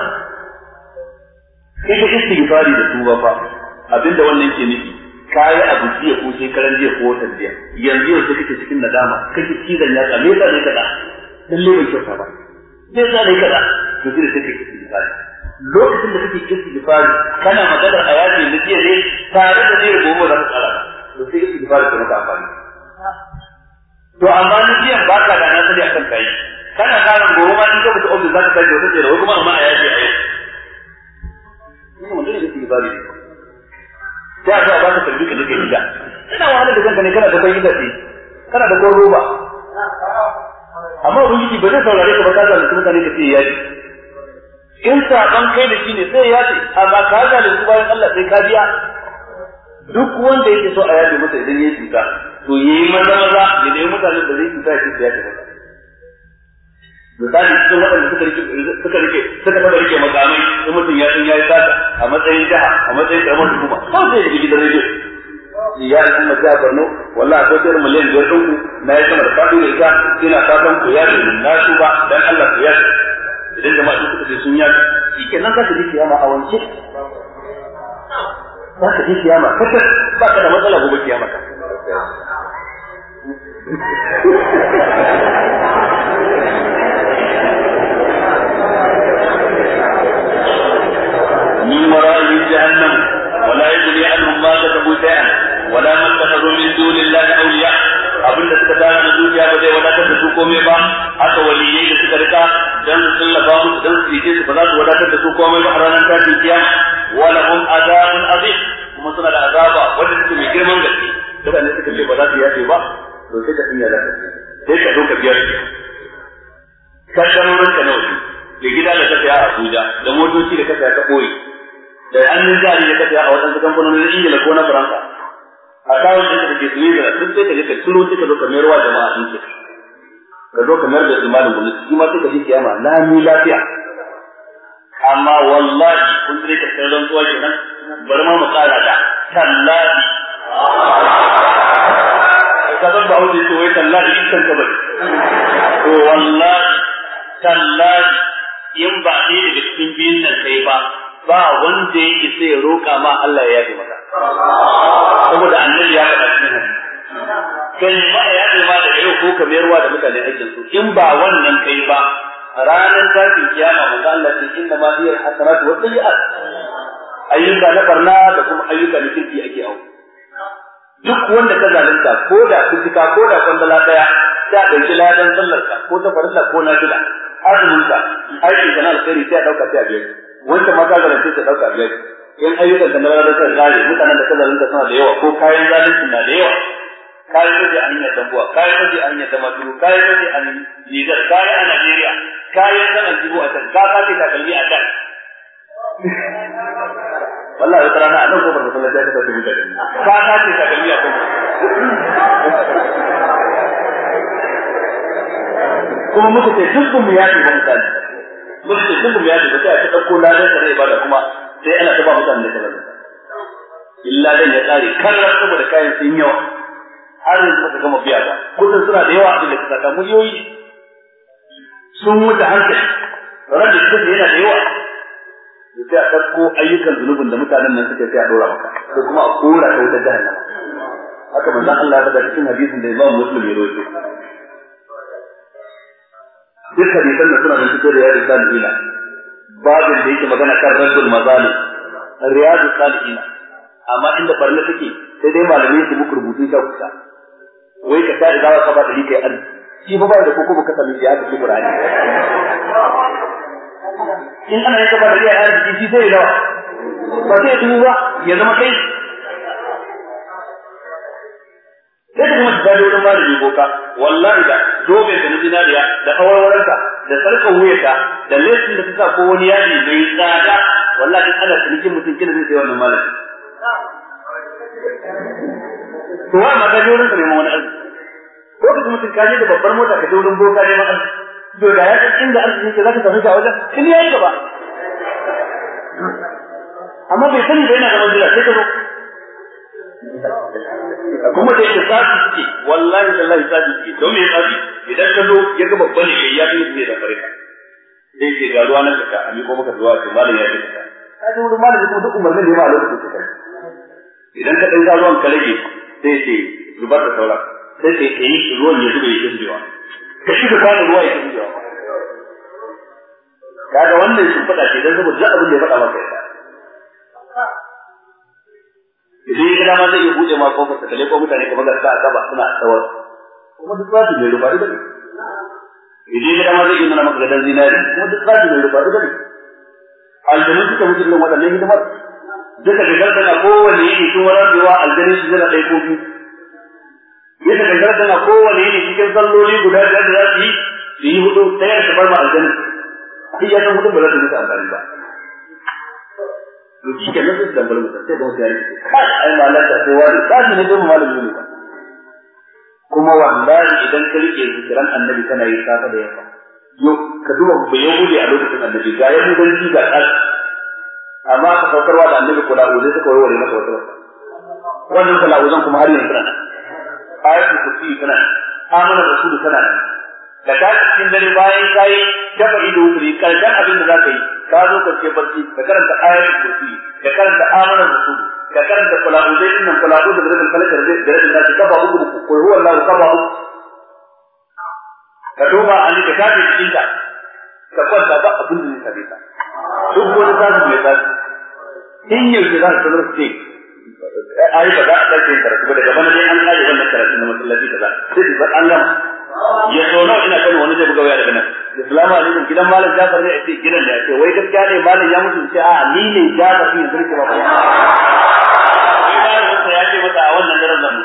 sai ka fari da tuba fa abinda wannan ke nufi kayi abu jiya ko shekaran jiya ko wata jiya yanzu yau kake cikin nadama kake cizon ya me yasa ne kaza lalle bai kyauta ba me yasa ne kaza to sai da kake fari lokacin da kake fari kana maganar a yaji da jiya ne tare da jiya gobe da matsala to sai fari ka maka amfani to amma ni jiya ba ka da na sani akan kai kana karin gobe ma in ka mutu ofis za ka kai da jiya kuma amma a yaji a yau ina wanda a ba ka ke gida ina da kanka ne kana da kai gida kana da kon roba amma ubangiji ba zai saurare ka ba ka zalunci in saban kai da shi ne sai ya ce amma ka da bayan Allah sai ka biya duk wanda yake so a yaji masa idan ya cuta to yi maza maza ya dai mutanen da zai cuta shi ya ce masa misali cikin waɗanda suka rike suka rike suka rike makamai in mutum ya san ya yi sata a matsayin jaha a matsayin ƙaramar hukuma kawai sai ya rike gidan rediyo ya yi kuma jiha Borno wala a kwatar miliyan biyar ɗauku, na yi sama da faɗi da ita ina fatan ku ya ce na shuba ba dan Allah ku ya ce idan jama'a duk suka ce sun yaƙi shi kenan za ka ji kiyama a wanke za ka ji kiyama kakar ba ka da matsala gobe kiyama ka من ورائهم جهنم ولا يجري عنهم ta كسبوا شيئا ولا من اتخذوا من دون الله اولياء abin da suka tara da dukiya ba zai wadatar da su komai ba haka waliyai da suka rika dan su tallafa musu dan su yi ba za su wadatar da su komai ba a ranar tashin kiyama wala hum adabun azim kuma suna da azaba wanda suke mai girman gaske da ne suka ce ba za su yafe ba to sai ka sanya da sai ka zo ka biya su ka shanurin ka nawa da gida da ka saya a Abuja da motoci da ka saya ka koyi da hannun jari da ka saya a wadansu kamfanonin Ingila ko na Faransa a kawo da ke da duk sai ka je ka turo sai ka zo ka mayarwa jama'a din ka zo ka mayar da imanin gwamnati shi ma sai ka ji kiyama lami lafiya amma wallahi kun dai ka sai rantsuwa kenan bari ma mu tsara da tallahi ka zan ba wuce to wai tallahi iskan ka bari to wallahi tallahi in ba ne daga cikin biyun nan kai ba ba wanda yake sai roƙa ma Allah ya yi maka saboda annabi ya faɗa cikin hadisi kai ya ce ma da yau ko ka mayarwa da mutane hakkin su in ba wannan kai ba ranar tashin kiyama manzo Allah ce inna ma hiya hasanatu wa sayyi'at ayyuka na barna da kuma ayyuka na kirki ake awo duk wanda ka zalunta ko da fitika ko da kwandala daya ta ɗauki ladan sallar ka ko ta farilla ko na azumin ka, aikin ka na alkhairi sai a ɗauka sai a biyar wancan ma ka zalunce ta ɗauka biyar in ayyukan ka na ladan sai a mutanen da ka zalunta suna da yawa ko kayan zalunci na da yawa kayi rabi a hanyar dambuwa kayi rabi a hanyar damaturu kayi rabi a nijar kayi a najeriya kayi nan a jibu a can ka sake takalmi a can wallahi wata rana a nan kofar da sallar jaka ta tafi da ka sake takalmi a can kuma muka ce duk mu ya ce wani tsari muka ce duk mu ya ce ba sai a ta ɗauko ladan da zai bada kuma sai ana ta ba mutane da sallar illa dan ya tsare kan da kayan sun yawa har yanzu baka gama biya ba kudin suna da yawa abin da ka saka miliyoyi sun wuce hankali ran da kudin yana da yawa to sai a ɗauko ayyukan zunubin da mutanen nan suka sai a ɗora maka ko kuma a kora ta wutar jahannama haka manzon Allah ya faɗa cikin hadisin da Imam Muslim ya rawaito duk hadisan da suna da cikin riyadu salihina babin da yake magana kan raddul mazalim riyadu salihina amma inda barna take sai dai malamai su muku rubutu ta kusa wai ka tare zawa ka ba da rike an shi ba da ko kuma ka sami shi haka ci Qur'ani in ana yanka ba da rike an shi sai ya ba sai dubu ba ya zama kai sai ka kuma tsari wurin ma da boka wallahi da dobe da zinariya da awarwaranka da sarkar wuyarka da lesin da ta sa ko wani yaji mai tsada wallahi ana tsarkin mutum kina zai sai wannan malamin to wa ma ka je wurin neman wani arziki lokacin mutum ka da babbar mota ka je wurin boka neman arziki to da ya san inda arziki ke zaka tafi shi a wajen in yayi gaba amma bai sani da yana da mazira sai ka zo kuma da yake tsafi suke wallahi da lahi tsafi suke don me tsafi idan ka zo ya ga babban ne ya yi ne da farka sai ke ga ruwa na kaka a miko maka zuwa ce malam ya ce kaka ka ji wurin malam kuma duk umarnin ne ma a lokacin kaka idan ka ɗan ga ruwan ka rage sai ce zubar da sauran sai ce ka yi ruwan ya zube ya kirbewa ka shiga kwanan ruwa ya kirbewa kaga wannan sun faɗa ce don saboda duk abin da ya faɗa maka yasa idan ya kira ma zai iya buɗe ma kofar ta kalle ko mutane kamar ga sa saba suna tsawar kuma duk ba su mai rufa da ne idan ya kira ma zai iya nuna maka gadan zinari kuma duk ba su mai rufa ido ne aljanu suka mutu irin waɗannan hidimar duka da gardana kowane yini sun wararwa aljanin su zira ɗaya ko biyu yadda da gardana kowane yini cikin salloli guda biyar da za su yi su yi hudu ɗaya ta bar ma aljanin duk ya san hudun ba za su mutu amfani ba to shi kenan su dangar mutum sai don sayar da kai ai malaka sai wani kashi ne don malamin ne kuma wallahi idan ka rike zikiran annabi kana yi safa da yamma yau ka duba ba yahudi a lokacin annabi ga yahudanci ga kashi amma aka saukarwa da annabi ko da'udai suka warware masa wasu wasu wannan talawuzan kuma har yanzu nan ayatul kursi tana amana rasulu tana nan da ta cikin dare bayan kai dafa ido wuri karshen abin da za ka yi ka zo ka ce barci ka karanta ayatul kursi ka karanta amana rasulu ka karanta kula'udai dinnan kula'u da rabin falakar da rabin da kafa ba uku ko huwa Allah ka ba uku ka duba ali da kafin cikin ka ka kwanta ba abin da zai ka duk wani tasiri mai tasiri in yanzu za su zama su ai ba za a ɗauke yin karatu ba daga bana dai an kare wannan karatu na masallaci kaza sai su an gama ya so nawa ina kan wani zai buga waya daga nan islamu alaikum gidan malam jafar ne a ce gidan da ya ce wai gaskiya ne malam ya mutu ce a ni ne jafar ne zai ba ba ya ce masa a wannan daren zamu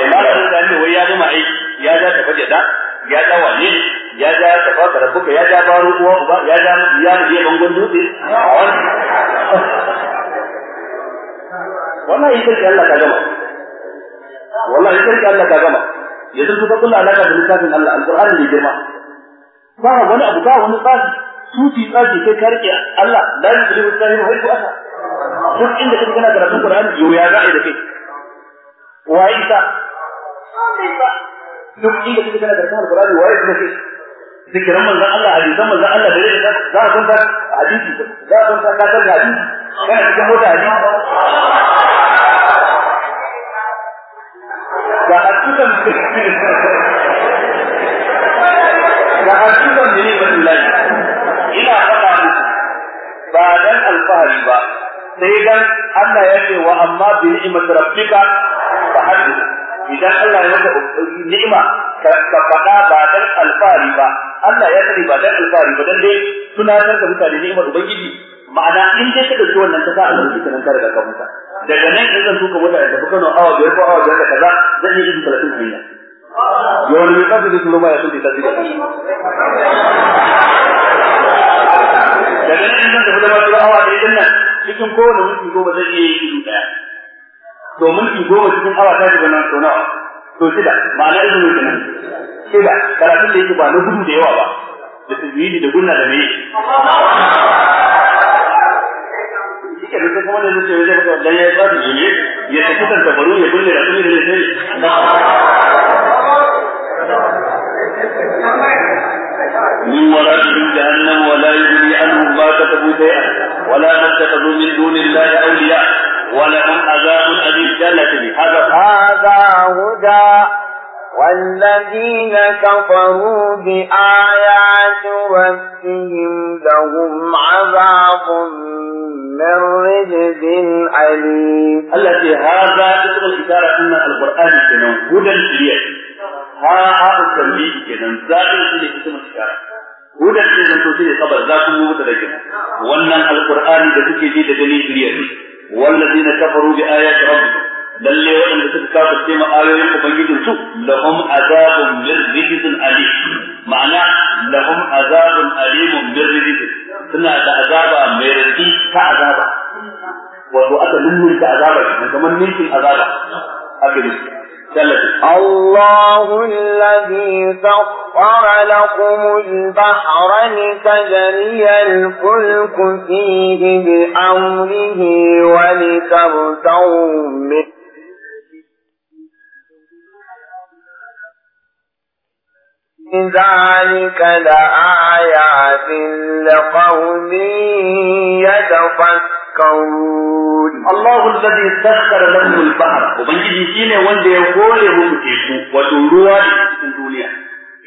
eh malam da ne wai ya gama aiki ya za ta tafi da ya ja ne ya ja ta faka da kuka ya ja baro uwa uba ya ja ya je bangon dutse wannan yi sarki Allah ka gama wannan yi sarki Allah ka gama yanzu su ka kula alaka da littafin Allah alqur'ani ne girma ba wani abu ba wani tsari sufi tsari kai ka rike Allah la yuzlimu sahibu haythu ata duk inda kake kana karatun Qur'ani yau ya za'a da kai wa isa duk inda kake kana karatun Qur'ani wa ya da kai zikirin manzan Allah a rizan manzan Allah da rika za a kunta a hadisi za a kunta ka tarda hadisi kana cikin mota hadisi ga hadisan ga hadisan ne ba lillahi ina faɗa musu ba dan alfahari ba sai dan Allah ya ce wa amma bi ni'mat rabbika fa hadith idan Allah ya maka ni'ima ka faɗa ba dan alfahari ba Allah ya sani ba dan alfahari ba dan dai tunatar da mutane ne ni'imar ubangiji ma'ana in dai ka dauki wannan ta sa Allah shi kenan ka riga Da mutu daga nan in zan tuka mota da tafi Kano awa biyar ko awa biyar da kaza zan yi izu talatin hanya yawan ne ka da turo ba ya sunce tasiri daga nan in zan tafi da masu awa da idan nan cikin kowane mutum goma zan iya yi izu daya Domin ki goma cikin awa ta shiga nan to nawa to shida ma'ana izu ne kenan kira karatun da yake ba na gudu da yawa ba da tajwidi da gunna da me shike da kuma da zai yi da da ya tsari ne ya tafi kan tabaru ya gulle da kuma da zai من ورائهم جهنم ولا يغني عنهم ما كتبوا شيئا ولا ما اتخذوا من دون الله اولياء ولهم عذاب اليم جنة هذا هذا هدى والذين كفروا بآيات ربهم لهم عذاب من رجز أليم التي هذا اسم الإشارة أن القرآن كنون هدى لليد ها التنبيه كنون زائر في اسم الإشارة هدى كنون توسيل صبر ذاك مبتدئ وأن القرآن ده تكي دي ده دليل والذين كفروا بآيات ربهم lalle waɗanda suka kafirce ma ayoyin ubangijin su lahum azabun min rijzin alim ma'ana lahum azabun alimun min rijzin suna da azaba mai rafi ta azaba wato aka lullunta azaba kamar ninkin azaba aka lullunta الله الذي سخر لكم البحر لتجري الفلك فيه بأمره ولتبتغوا من ذلك لآيات لقوم يتفكرون الله الذي سخر لهم البحر وبنجي شيء وند يقول لهم تيكو وتروا في الدنيا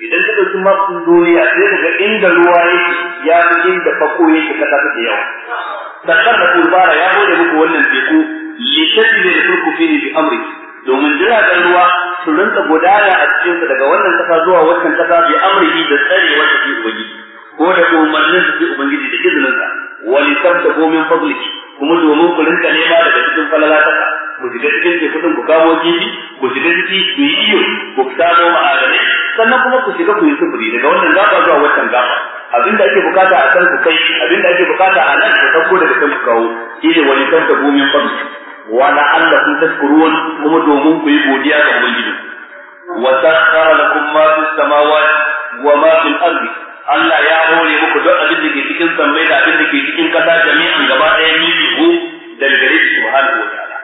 idan ka ɗauki mafin duniya sai ka ga inda ruwa yake ya fi inda fako yake kasa ta da yawa. Sakar da kulbara ya bude muku wannan teku, shi ta da turku bi domin jiragen ruwa su rinka gudana a cikin su daga wannan kasa zuwa wannan kasa bi amrihi da tsare wanda ke ubangiji ko da umarnin da ke ubangiji da izinin ka wani ko min fadliki kuma domin ku rinka nema daga cikin falala ka ku shiga cikin tekutun ku kamo kifi ku shiga ciki ku yi iyo ku samo ma'adanai sannan kuma ku shiga ku yi sufuri daga wannan gaba zuwa wannan gaba abin da ake bukata a kan ku kai abin da ake bukata a nan ku sauko daga kan ku kawo shi ne wani ko min fadliki wa la'allakum tashkurun kuma domin ku yi godiya ga ubangiji wa sakhkhara lakum ma fis samawati wa ma fil ardi Allah ya hore muku duk abin da ke cikin sammai da abin da ke cikin kasa jami'an gaba ɗaya ni ku daga gare shi subhanahu wa ta'ala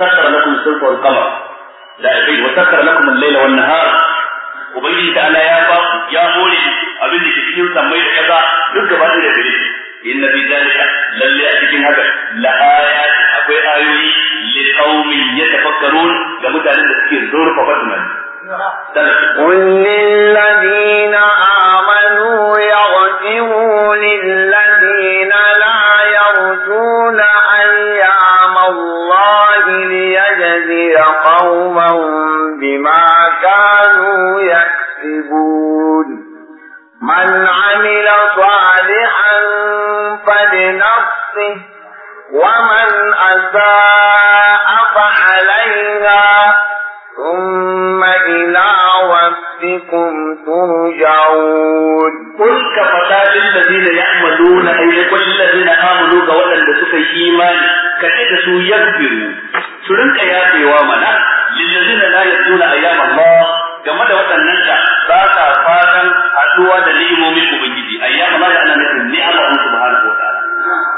sakhkhara lakum as-shamsa wal qamar da ai wa sakhkhara lakum al-layla wan nahar ubangiji ta'ala ya ba ya hore abin da ke cikin sammai da kasa duk gaba ɗaya da gare shi إن في ذلك للي أتكين هذا لآيات أقوي آيوني لقوم يتفكرون لابد لمتى للتكير دور فبطنا قل للذين آمنوا يغفروا للذين لا يرجون أيام الله ليجزي قوما بما كانوا يكسبون من عمل صالحا فلنفسه ومن أساء فعليها ثم إلى ربكم ترجعون قل كفتاة الذين يعملون أي كل الذين آمنوا قولا لسك إيمان كتب سو يغفروا سرنك يا في وامنا للذين لا يدون أيام الله كما da waɗannan da ba sa fatan haɗuwa da ni'imomin ubangiji ayyamu Allah ana nufin ni'amahu subhanahu wa ta'ala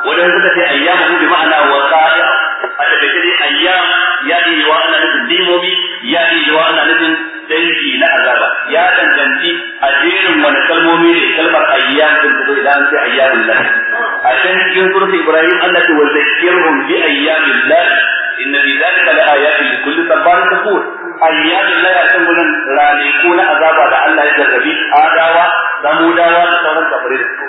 wanda suka ce ayyamu bi ma'ana wa sa'a a da kake ayyam ya yi wa ana nufin ni'imomi ya yi wa ana nufin dangi na azaba ya danganci a jerin wani kalmomi ne kalmar ayyam din da idan an ce ayyamun a can cikin surat ibrahim Allah ta wa zakkirhum bi ayyamin lahi inna fi dhalika la ayatin li kulli sabarin shakur ayyamin la yasin gurin ko na azaba da Allah ya jarrabi adawa samudawa da sauran kafare da su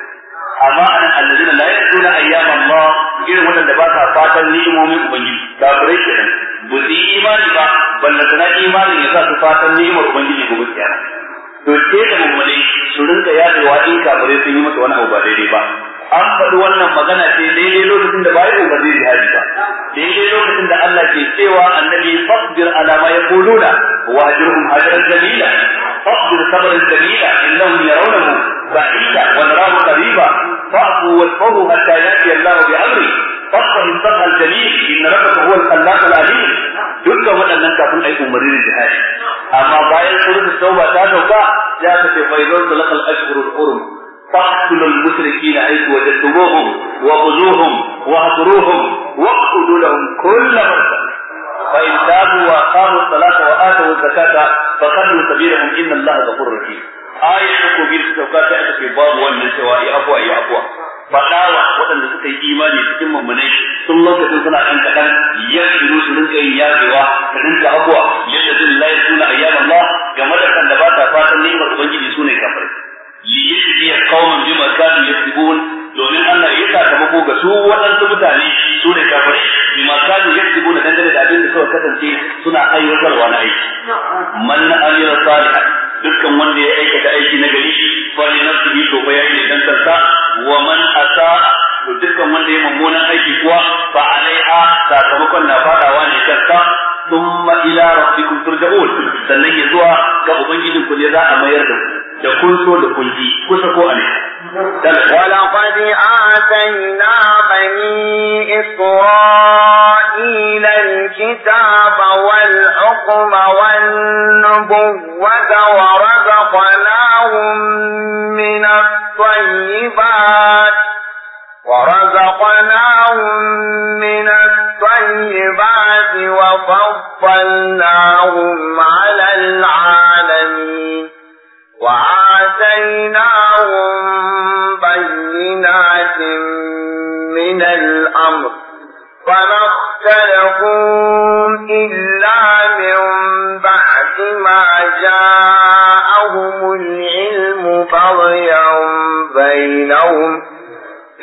amma an alladina la yaquluna ayyama Allah irin wannan da ba sa fatan ni'imomin ubangiji kure shi ba su yi imani ba balla sana imani ya sa su fatan ni'imar ubangiji gobe kiyama to ce da mummune su rinka yadewa in kafirai sun yi masa wani abu ba daidai ba an faɗi wannan magana ce daidai lokacin da bai umarni jihadi ba daidai lokacin da Allah ke cewa annabi fasbir ala ma yaquluna wa ajruhum ajran jamila fasbir sabran jamila innahum yarawnahu ba'ida wa narahu qariba fa'fu wasfahu hatta yati Allah bi amri fasbir sabra jamil inna rabbaka huwa al-khallaq al-alim dukkan waɗannan kafin ai umarni jihadi amma bayan surutu tauba ta dauka ya ta ce faizul lakal ashhurul hurum فاقتلوا المشركين حيث وجدتموهم وخذوهم واهجروهم واقعدوا لهم كل مرصد فإن تابوا وأقاموا الصلاة وآتوا الزكاة فخلوا سبيلهم إن الله غفور رحيم آية تكو بير سوكا في باب وأن سواء أقوى يا أقوى faɗawa waɗanda suka yi imani cikin mummunai sun lokacin suna ɗan kaɗan ya shiru su rinka yin yarewa ta rinka abuwa yadda zai lai suna ayyaman ma game da bata fatan ni'imar ubangiji su li yashfiya qauman bima kanu yaktubun domin Allah ya sa tabako ga su waɗansu mutane su ne kafirai bima kanu yaktubun dangane da abin da suka kasance suna aiwatarwa na aiki man amila salihan dukkan wanda ya aikata aiki na gari fa li nafsihi to bayani dan kansa wa man asaa to dukkan wanda ya mummunan aiki kuwa fa alaiha sakamakon na fadawa ne kansa thumma ila rabbikum turja'un sannan ya zuwa ga ubangijinku ne za a mayar da ku da da kusa ko ولقد آتينا بني إسرائيل الكتاب والحكم والنبوة ورزقناهم من الطيبات ورزقناهم من الطيبات وفضلناهم على العالمين وآتيناهم بينات من الأمر فما اختلفوا إلا من بعد ما جاءهم العلم بغيا بينهم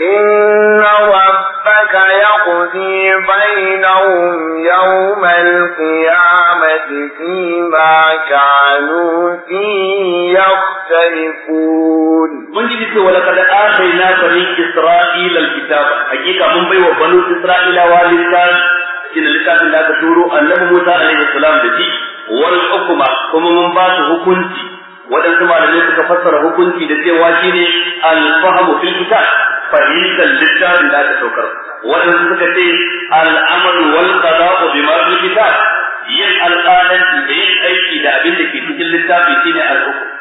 إن ربك يقضي بينهم يوم القيامة فيما كانوا فيه يختلفون من جدت ولقد آتينا بني إسرائيل الكتاب حقيقة من بي وبنو إسرائيل والكتاب إن الكتاب لا تدور أنه موسى عليه السلام بذي والحكمة كما من بات حكمتي waɗansu malamai suka fassara hukunci da cewa shi ne alfahamu fil kitab fahimtar littafin da aka saukar waɗansu suka ce al'amalu wal qada'u bima fil kitab yin alƙalanci da yin aiki da abin da ke cikin littafi shine al-hukum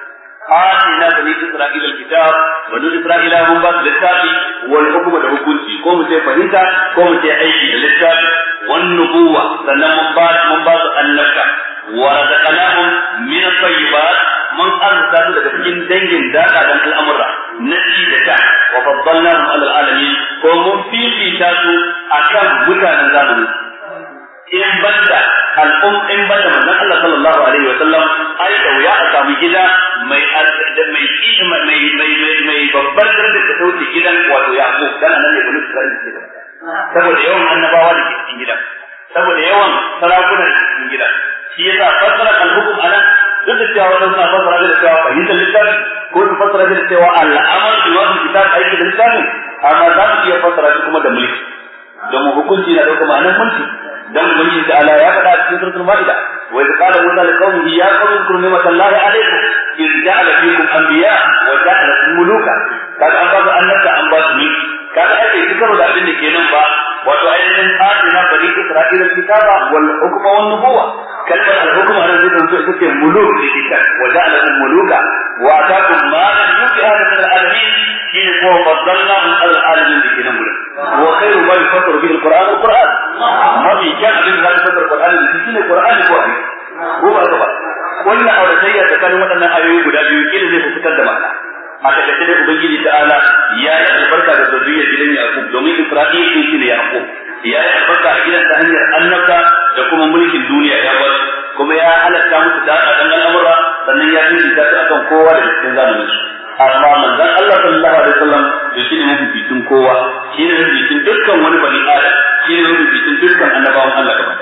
آتينا بني إسرائيل الكتاب بنو إسرائيل هم بس للتابي والحكم والحكمتي كوم تي فهيتا كوم تي أيدي للتابي والنبوة سنة من بعد من wa razaqnahum min at mun arzuta daga cikin dangin daɗa dan al'amura na ci da ta wa faddalnahum ala alamin ko mun fifita su akan mutanen zamani in banda al'um in banda manzon Allah sallallahu alaihi wa sallam ai da a samu gida mai mai mai mai mai babbar darajar da sauke gidan wato Yaqub dan annabi Ibrahim saboda yawan annabawa da ke cikin gidan saboda yawan sarakunan cikin gida shi yasa fassara kan hukum anan duk da cewa wannan na fassara da cewa fahimtar littafi? ko su fassara da cewa al'amal bi wani kitab aiki da littafin amma za su iya fassara shi kuma da mulki mu hukunci na ɗaukar ma'anar mulki dan mulki da Allah ya faɗa a cikin suratul Maida wa idh qala Musa liqaumihi ya qaumi kunu ni'matallahi alaykum idh ja'ala fikum anbiya wa ja'ala muluka kaga an ba su an ba su mulki kaga ake yi karo da abin da ke nan ba wato ainihin adina bani isra'ila kitaba wal hukma wan nubuwa kalmar al hukma nan zai zanto ita ce muluk da kitab wa ja'alakum muluka wa atakum ma lam yuti ahadun min al alamin shi ne ko faddalnahu al alamin da ke nan gurin wa khairu ma yufassaru bihi al qur'an al qur'an mafi kyan abin da zai fassara qur'ani da shi ne qur'ani ko abin ko ba ba wannan auratayya tsakanin waɗannan ayoyi guda biyu kila zai fitar da ma'ana a takaice dai ubangiji ta'ala ya yi albarka da zuriya gidan yaqub domin isra'il sun shi ne yaqub ya yi albarka a gidan ta hanyar annabta da kuma mulkin duniya ya bar kuma ya halatta musu da dan al'amura sannan ya ta su akan kowa da cikin zamanin su amma manzon Allah sallallahu alaihi wasallam da shi ne mafificin kowa shi ne mafificin dukkan wani bani adam shi ne mafificin dukkan annabawan Allah gaba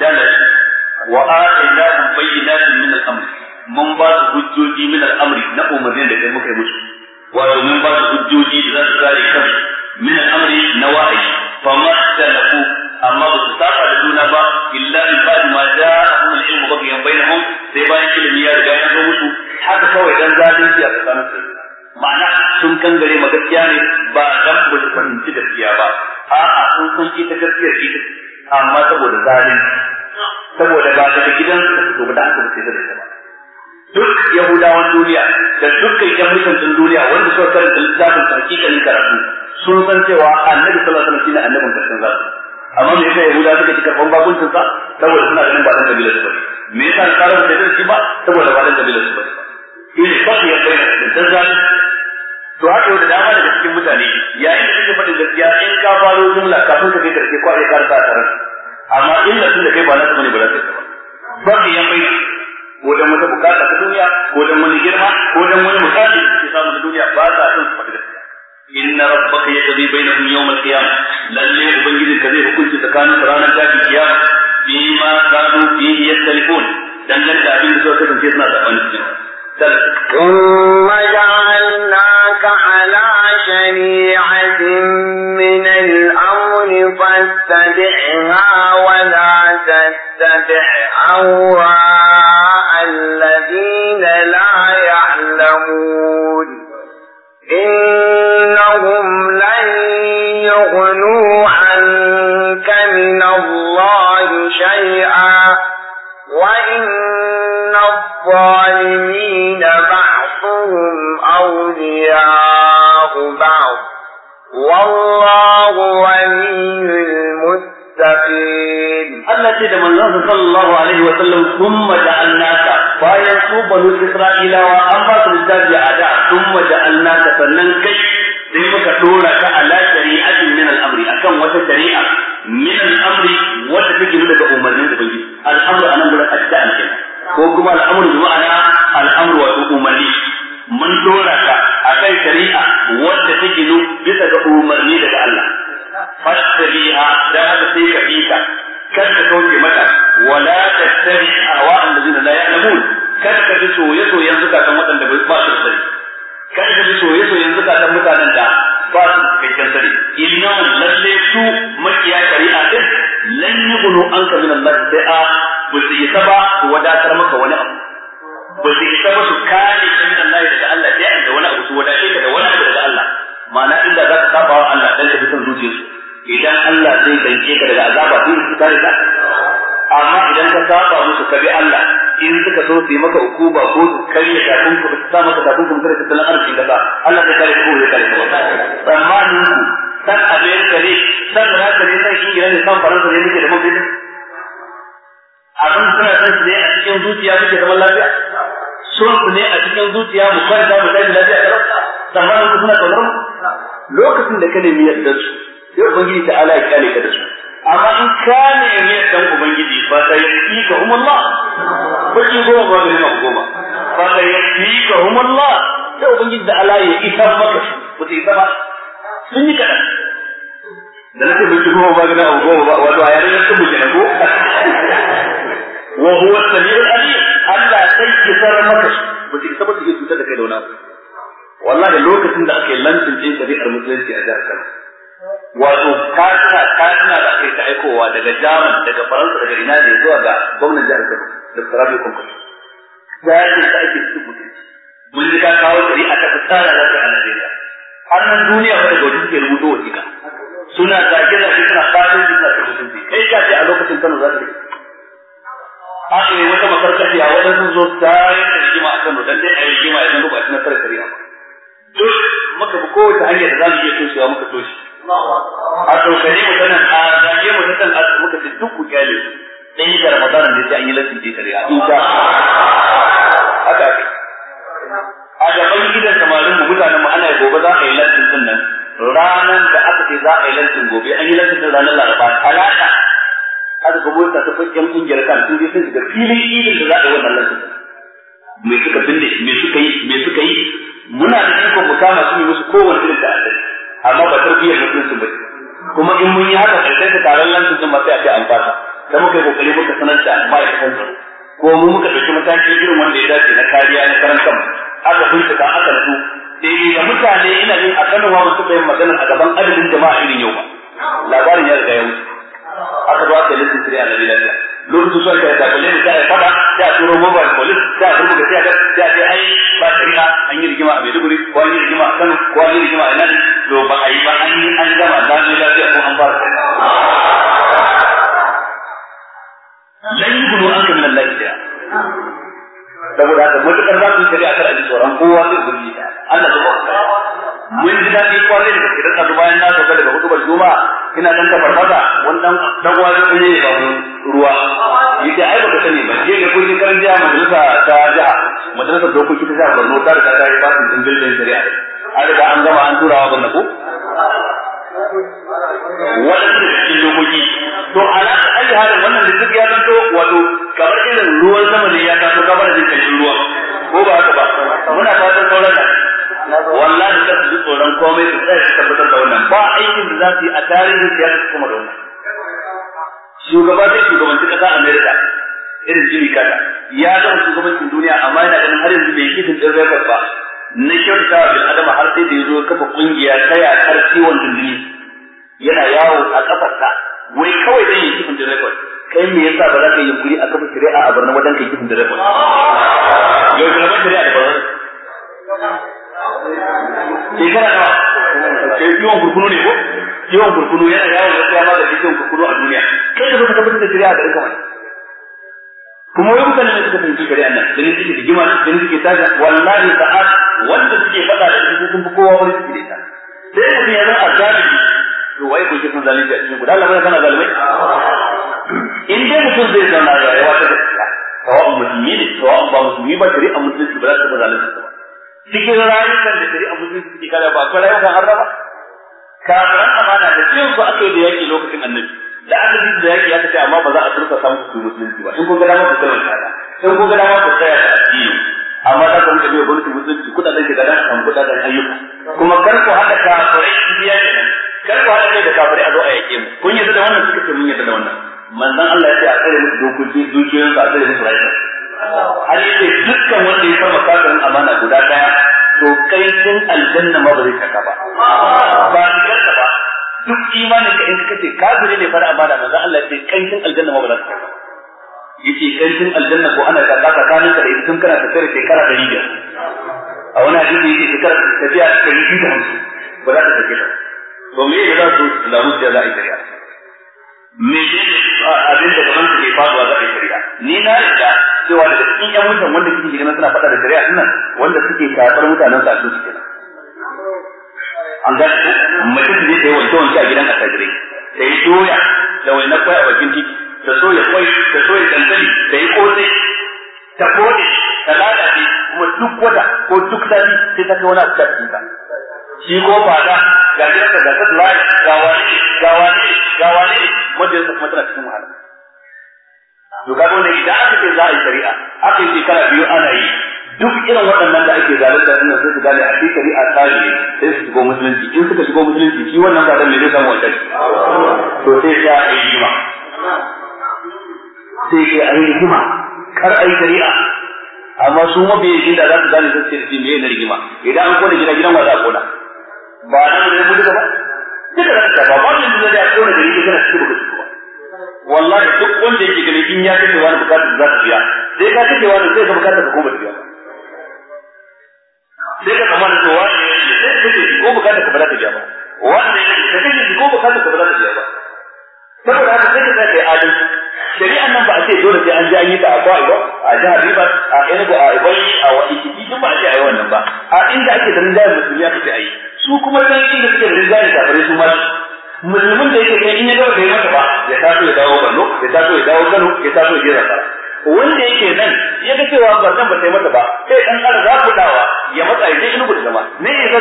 daya wa atainahum bayyinatin min al-amr mun ba su hujjoji min al'amri na umarnin da kai muka yi musu wato mun ba su hujjoji da za su kare kansu min al'amri na wa'ayi fa ma talafu amma ba su saba da juna ba illa in ba ma da ahum al-ilmu baqiyan bainahum sai bayan ilimi ya riga ya zo musu haka kawai dan zalunci a tsakanin su ma'ana sun kangare ma gaskiya ne ba dan ba su fahimci gaskiya ba a'a sun san ita gaskiyar ita amma saboda zalunci saboda ba daga gidansu da su ba da aka fice da ita ba duk yahudawan duniya da dukkan yan mutuntun duniya wanda suka karanta littafin hakikalin karatu sun san cewa annabi sallallahu alaihi wasallam shine annabin karshen zasu amma me yasa yahuda suka ci karban bakuncin sa saboda suna ganin ba dan kabilar su bane me yasa karar da shi ba saboda ba dan kabilar su bane in faqiya bayyana da zan to haka yau da dama daga cikin mutane ya yi kake faɗin gaskiya in ka faro jumla kafin ka kai karshe ko ai karanta tarar amma in illa tun da kai ba na ne ba za ka yi ba baqiya bayyana ko dan wata bukata ta duniya ko dan wani girma ko dan wani mukami da ke samu duniya ba sa son su faɗi gaskiya inna rabbaka yaqdi bainahum yawm al qiyam lalle ubangiji ka zai hukunci tsakanin ranar tafi kiyama bima kanu bihi yastalifun dan da abin da suka kace suna da wani cikin ثم جعلناك على شريعة من الأمر فاتبعها ولا تتبع أهواء الظالمين بعضهم أولياء بعض والله ولي المتقين التي دمنا صلى الله عليه وسلم ثم جعلناك bayan su banu Isra'ilawa an ba su a da sun maja'alna sannan kai sai muka ɗora ka ala shari'atin min al-amri akan wata shari'a min al-amri wata take daga umarnin ubangiji al-amru anan gurin adda'a kenan ko kuma al'amru bi ma'ana al'amru wa umarni mun dora ka akan shari'a wanda ta nu bisa ga umarni daga Allah fastabiha da haka sai ka bi ta kar ka kauce mata wala tattabi hawa allazina la ya'lamun kar ka bi soye-soyen zukatan wadanda ba su da sani kar ka bi soye-soyen zukatan mutanen da ba su da cikakken sani innahum lalle su makiya shari'a din lan yughnu anka min Allah a. ba su isa ba su wadatar maka wani abu ba su isa ba su kare ka min Allah daga Allah sai da wani abu su wadace ka da wani abu daga Allah ma'ana inda za ka saba wa Allah dan ka fi son zuciyarsu idan Allah zai danke ka daga azaba sai su kare ka amma idan ka saba musu ka bi Allah in suka so su yi maka ukuba ko su karya kafin ku su sa maka kafin ku mutar da tattalin arziki gaba Allah zai kare ku ya kare ku tsammanin ku san Amerika ne san Rasha ne san Ingila ne san Faransa ne muke da mafi abin suna san su ne a cikin zuciya suke zaman lafiya son su ne a cikin zuciya mu kwanta mu tashi lafiya da rasa tsammanin su suna kaunar mu lokacin da ka nemi da su ya ubangiji ta ala ya kyale ka da su amma in ka nemi yardar ubangiji ba ta yi ka umarla ba ki goma ba da nuna goma ba ta yi ka umarla sai ubangiji da ala ya isa maka su ba ta isa ba sun yi kaɗan da nake bai ci goma ba ga nuna goma ba wato a yare na sun buke ko wa huwa samiul alim Allah sai ki sarar maka shi ba ki saba ki da kai da wani wallahi lokacin da ake yi lantin din shari'ar musulunci a jihar Kano wato ta tana ta tana da kai ta aikowa daga Jamus daga Faransa daga ina ne zuwa ga gwamnatin jihar Kano da Sarabi Kwankwaso da yake ta ake cikin mutunci mun ji ka kawo shari'a ta tsara da ta a Najeriya annan duniya wanda gauti suke rubuto wasiƙa suna zage-zage suna fadin suna ta mutunci kai ka ce a lokacin Kano za ta rike aka wata makarkashiya a wajen sun zo tare da rigima a Kano don dai a rigima idan ba ta nasarar shari'a ba duk muka bi kowace hanya da mu iya toshewa muka toshe a tsokane mu sanan a zage mu sanan a muka ce duk ku kyale dan da Ramadan da sai an yi lasin da shari'a in sha haka ake a gaban gidan samarin mu mutanen mu ana gobe za a yi lasin din nan da aka ce za a yi lasin gobe an yi lasin din ranar Laraba talata aka ga mota ta fakken kungiyar kan sun je sun shiga filin idin da za a yi wannan lantarki me suka binne me suka yi me suka yi muna da ikon mu kama su musu kowanne irin da amma ba tarbiyyar mutum su ba. kuma in mun yi haka sai ta taron lantarki ma sai a ce an fasa da muka yi kokari muka sanar da ma'aikatan san ko mu muka ɗauki matakin irin wanda ya dace na kariya na karanta mu aka bincika aka rasu dai eh, da mutane ina jin a kanowa wasu bayan magana a gaban adadin jama'a irin yau ba labarin ya riga ya wuce aka ba ka lissin sirri a nan lafiya lokacin suwa ka tafi ne sai ya fada sai a turo mobile police sai a turbo ga sai a sai ce ai ba shari'a an yi rigima a Maiduguri ko an yi rigima a Kano ko an yi rigima a nan to ba a yi ba an yi an gama na ne lafiya ko an fara lan yi gudu an kamar lafiya saboda haka mutukar za su yi shari'a kar a ji tsoron kowa zai gurbi ta Allah ta bauta mun ji daɗi kwarai da idan ka bayan na da daga hudubar juma ina dan kafar fata wannan dan uwa zai kunye ba ruwa yake ai ba ka sani ba je ga kun kan jiya majalisa ta jiha majalisar dokoki ta jihar Borno ta riga ta yi fasin din bildin shari'a a riga an gama an turawa gwamnati ko waɗanda cikin dokoki to alaka ayi halin wannan da duk ya zanto wato kamar irin ruwan sama ne ya taso ka fara jin kashin ruwan ko ba haka ba muna fatan sauran nan wallahi da su tsoron komai su tsaya su tabbatar da wannan ba aikin da za su yi a tarihin siyasa kuma da wannan shugaba zai shugabanci kasa America irin Jimmy Carter ya zama shugabancin duniya amma yana ganin har yanzu bai kitin ɗin rekord ba na kyautata bil adama har sai da ya zo kafa ƙungiya, ta yakar ciwon dindini yana yawo a kafarsa wai kawai zai yi kifin da rekod kai me yasa ba za ka yi guri a kafa shari'a a barna wajen kai kifin da rekod yau da ban shari'a da barna shekara nawa kai kiwon kurkunu ne ko kiwon kurkunu yana yawo da tsaya da kiwon kurkunu a duniya kai da ka tabbatar da shari'a da rika wani kuma wai mutane ne suka fahimci shari'a nan da ne suke rigima da ne suke tashi wallahi ta'ala wanda suke faɗa da su sun fi kowa wani suke da ita sai mutum ya zama a kuke son zalunci a cikin da kana zalimai in dai mutum zai zauna ya yawa ta gaskiya tawa'un musulmi ne tawa'un ba musulmi ba shari'a musulunci ba za ta taɓa zalunci ba cikin rayukan da shari'a musulunci kada ba akwai rayukan haraba kafiran amana da cikin su aka yi da yaƙi lokacin annabi da adadin da yaƙi ya kace amma ba za a turka samu su musulunci ba in kun ga dama ku tsaya in kun ga dama ku tsaya amma za ka rika biya gwamnatin musulunci kudaden shiga da kan kudaden ayyuka kuma kar ku haɗa kafirai biya ne kar ku haɗa kai da kafirai a zo a yaƙe mu kun yi da wannan suka ce mun yadda da wannan manzon Allah ya ce a tsare musu dokoki dukiyoyin su a tsare musu rayuwa har yace dukkan wanda ya farma kafirin amana guda daya to kai sun aljanna ma ba zai saka ba ba ka ba duk imanin ka in ka ce kafiri ne fara amana manzon Allah ya ce kai sun aljanna ma ba za ka saka ba yace kancin aljanna ko ana karɓa tsakanin ka da ita tun kana tafiyar shekara ɗari biyar a wani hadisi yake shekara tafiya ɗari biyu da hamsin ba za ta tafi ba to me ne za su lamu da za a yi shari'a me ne abin da gaban ke faruwa za a yi shari'a ni na riga cewa daga cikin yan mutan wanda suke ganin suna faɗa da shari'a din nan wanda suke kafar mutanen sa su kenan an ga mutum ne da wanke wanke a gidan asajirai da ya doya da wani na kwaya bakin titi da so ya kwai da so ya dankali da ya kosai ta kone ta lalace kuma duk wata ko duk sati sai ta kai wani abu da cikin shi ko fada ga da ga satellite ga wani ga wani ga wani majalisa kuma tana cikin wahala to kaga wannan idan aka ce za a yi shari'a aka yi shekara biyu ana yi duk irin waɗannan da ake zalunta suna sai su gane a cikin shari'a tsari ne sai su shigo musulunci in suka shigo musulunci shi wannan fada mai zai samu wancan to sai sai a yi jima sai sai a yi rigima kar a yi shari'a amma su mabiyan shi da za su gane sai su ce me na rigima idan an kone gida gidan wa za a kona ba ne mu ba ne ya da ba wallahi duk wanda yake ganin in ya kace wani bukatar za ta biya sai ka kace wani sai ka bukatar ka koma biya sai ka kama da cewa sai kace ko bukatar ka bala ta biya ba wannan ka kace ko bukatar ka bala ta biya ba saboda haka sai ka kai adalci shari'an nan ba a ce dole sai an ji an yi ta akwai ba a jihar riba a Enugu a ibai a Ikiti duk ba a ce a yi wannan ba a inda ake da rinjaye musulmi ya ce a yi su kuma sai inda suke da rinjaye su ma musulmin da yake kai in ya gaba da yi ba ya taso ya dawo Kano ya taso ya dawo Kano ya taso ya je Zamfara wanda yake nan ya ga cewa ba ba sai masa ba sai dan ku dawa ya matsa ya je Enugu da zama ne ya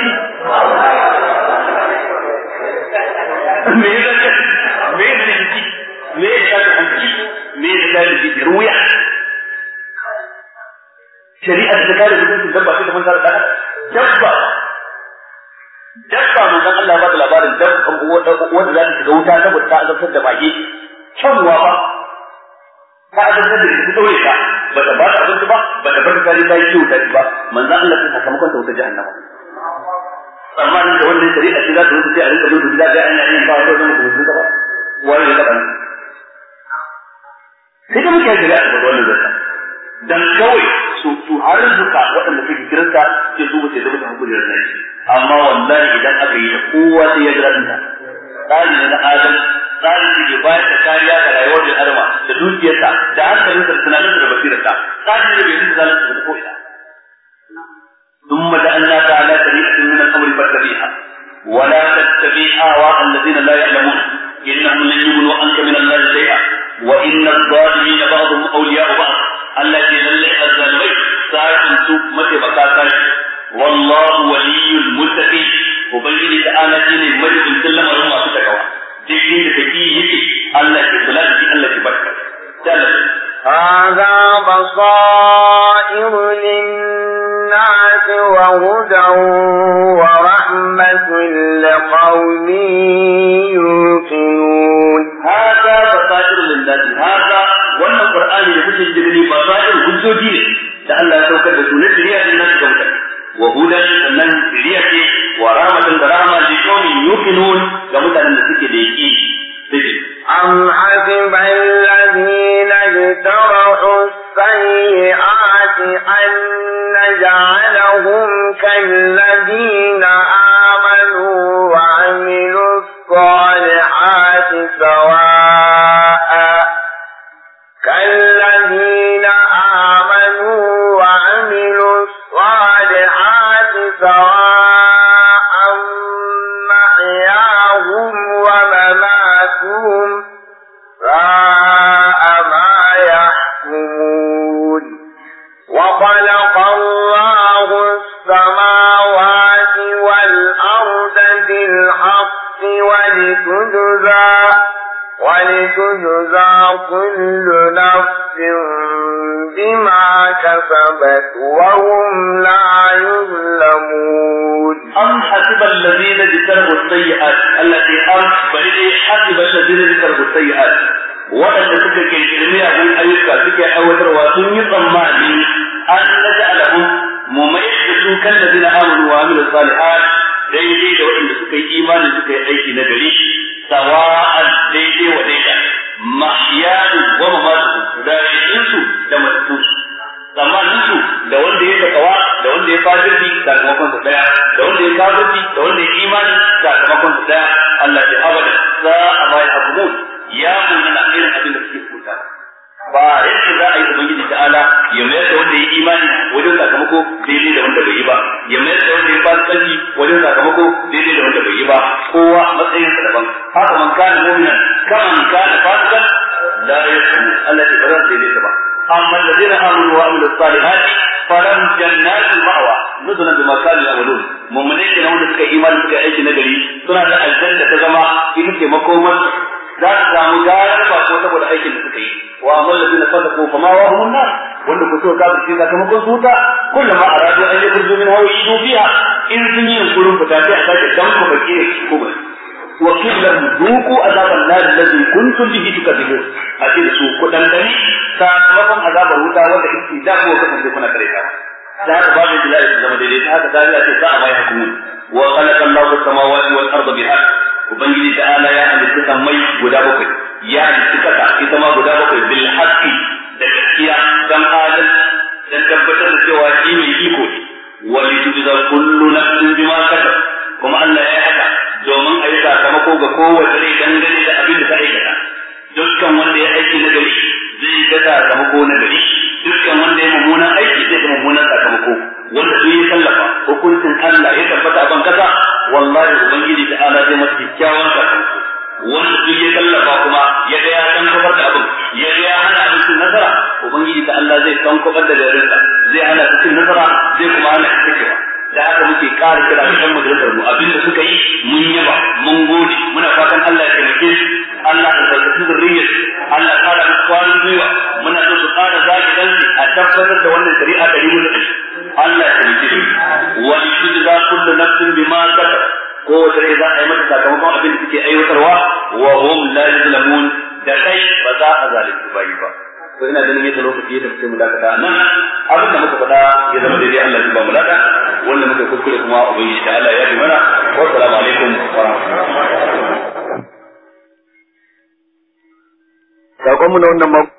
me ya zani me ya zani me ya zani me ya zani ruya shari'a da ta kare mutuncin dabba sai ta manta da ɗan dabba dabba manzon Allah ba da labarin dabba wanda za ta shiga wuta saboda ta azabtar da bage kyanwa ba ta azabtar da ta daure ta ba ta ba ta abinci ba ba ta bar kare ta yi kiwo ta ba manzon Allah sai sakamakon ta wuta jahannama tsammanin da wannan shari'a ce za ta wuce sai a rinka zo da gida ga ana yin ba wanda zan ta ba wani ya taɓa sai da muke shari'a da wannan zaka dan kawai su su harzuka waɗanda suke kiranta ke su ba sai zama da hukuncin nan amma wallahi idan aka yi da kowa sai ya jira dinka tsari ne na adam tsari ne ke bayar da kariya ga rayuwar da adama da dukiyarsa da hankalinsa da tunaninsa da basirarsa tsari ne bai yi zalunci da ko'ina ثم جعلنا تعالى طريقة من الأمر فاتبعها ولا تتبع أهواء الذين لا يعلمون إنهم لن يغنوا عنك من الله شيئا وإن الظالمين بعضهم أولياء بعض Allah ke lalle azzalimai sashin su mataimaka sashi wallahu waliyul muttaqi ubangiji da ana shine majibin lamarin masu takawa duk inda kake yake Allah ke kula da shi Allah ke barka هذا بصائر للناس وهدى ورحمة لقوم يوقنون القرآن يبث الجنني بصائر وجودي ده الله سنة سريعة الناس كمتا وهودا سنن سريعة ورامة درامة لكم يوكنون كمتا لنسك ديكي أم حسب الذين اجترحوا السيئات أن نجعلهم كالذين آمنوا كسبت وهم لا يظلمون أم حسب الذين اجتنبوا السيئات التي أم بل حسب الذين اجتنبوا السيئات waɗanda suka kirkirmi abin ayyuka suke aiwatarwa sun yi tsammani an naja alamu mu mai da da wa daidai da waɗanda suka yi imani suka yi aiki na gari sawa'an daidai wa daidai mahiyatu wa mamatu da su da mutunsu amma su da wanda ya takawa da wanda ya fajirci sakamakon su daya da wanda ya kafirci da wanda ya imani sakamakon su daya Allah ya abada za a ya hakumun ya muna na irin abin da suke kuta ba yadda za a yi ubangiji ta'ala ya mayar da wanda ya yi imani wajen sakamako daidai da wanda bai yi ba ya mayar da wanda ya fasikanci wajen sakamako daidai da wanda bai yi ba kowa matsayinsa daban haka man kana mu'minan kaman kana fasikan la yasmu allati barar daidaita ba amma a amanu wa amilus salihat faran jannatul ma'wa nuzulan bima kanu ya'malun mu'minai kenan wanda suka imani suka aiki nagari suna da aljanna ta zama in ce makomar za su samu gayar ba ko saboda aikin da suka yi wa amma alladheena sadaqu fa ma wahum nar wanda ku so kafir sai sakamakon su wuta kullum ma in yi sai a sake dan ku وقيل لهم ذوقوا عذاب النار الذي كنتم به تكذبون اكيد سو كدان دني سانكم عذاب الوتا ولا هو كنت كنا كريتا لا تبعد الى الزمن الذي هذا دار الذي ساعه ما يكون وخلق الله السماوات والارض بحق وبنجي تعالى يا اهل السكن مي غدا بكي يا اهل السكن انت ما غدا بكي بالحق دكيا كم عادل dan tabbatar da cewa shi ne iko ne wani tuzar kullu domin a yi sakamako ga kowace rai dangane da abin da ta aikata dukkan wanda ya aiki na gari zai ga sakamako na gari dukkan wanda ya mummunan aiki zai ga mummunan sakamako wanda su yi tallafa hukuncin Allah ya tabbata a ban kasa wallahi ubangiji da ala zai masa kyakkyawan sakamako wanda duk ya tallafa kuma ya ga ya san kafar da abin ya ga ya hana abin cin nasara ubangiji da Allah zai san kafar da garinsa zai hana cin nasara zai kuma hana cikewa da haka muke ƙara kira da kan majalisar mu abin da suka yi mun yaba mun gode muna fatan Allah ya taimake su Allah ya tsarkake zurriyar Allah ya ƙara musu kwarin gwiwa muna so su ƙara zaki dansu a tabbatar da wannan shari'a ɗari mun Allah ya taimake su wa yujza kullu nafsin bima kasabat kowace rai za a yi mata sakamakon abin da suke aiwatarwa wa hum la yuzlamun da kai ba za a zalunci bayi ba to ina ganin yadda lokaci ya tafi mu dakata nan abin da muka faɗa ya zama daidai Allah ya ba mu lada wanda muka kuskure kuma ubangiji ta Allah ya bi mana wa assalamu alaikum wa rahmatullahi mu na wannan mako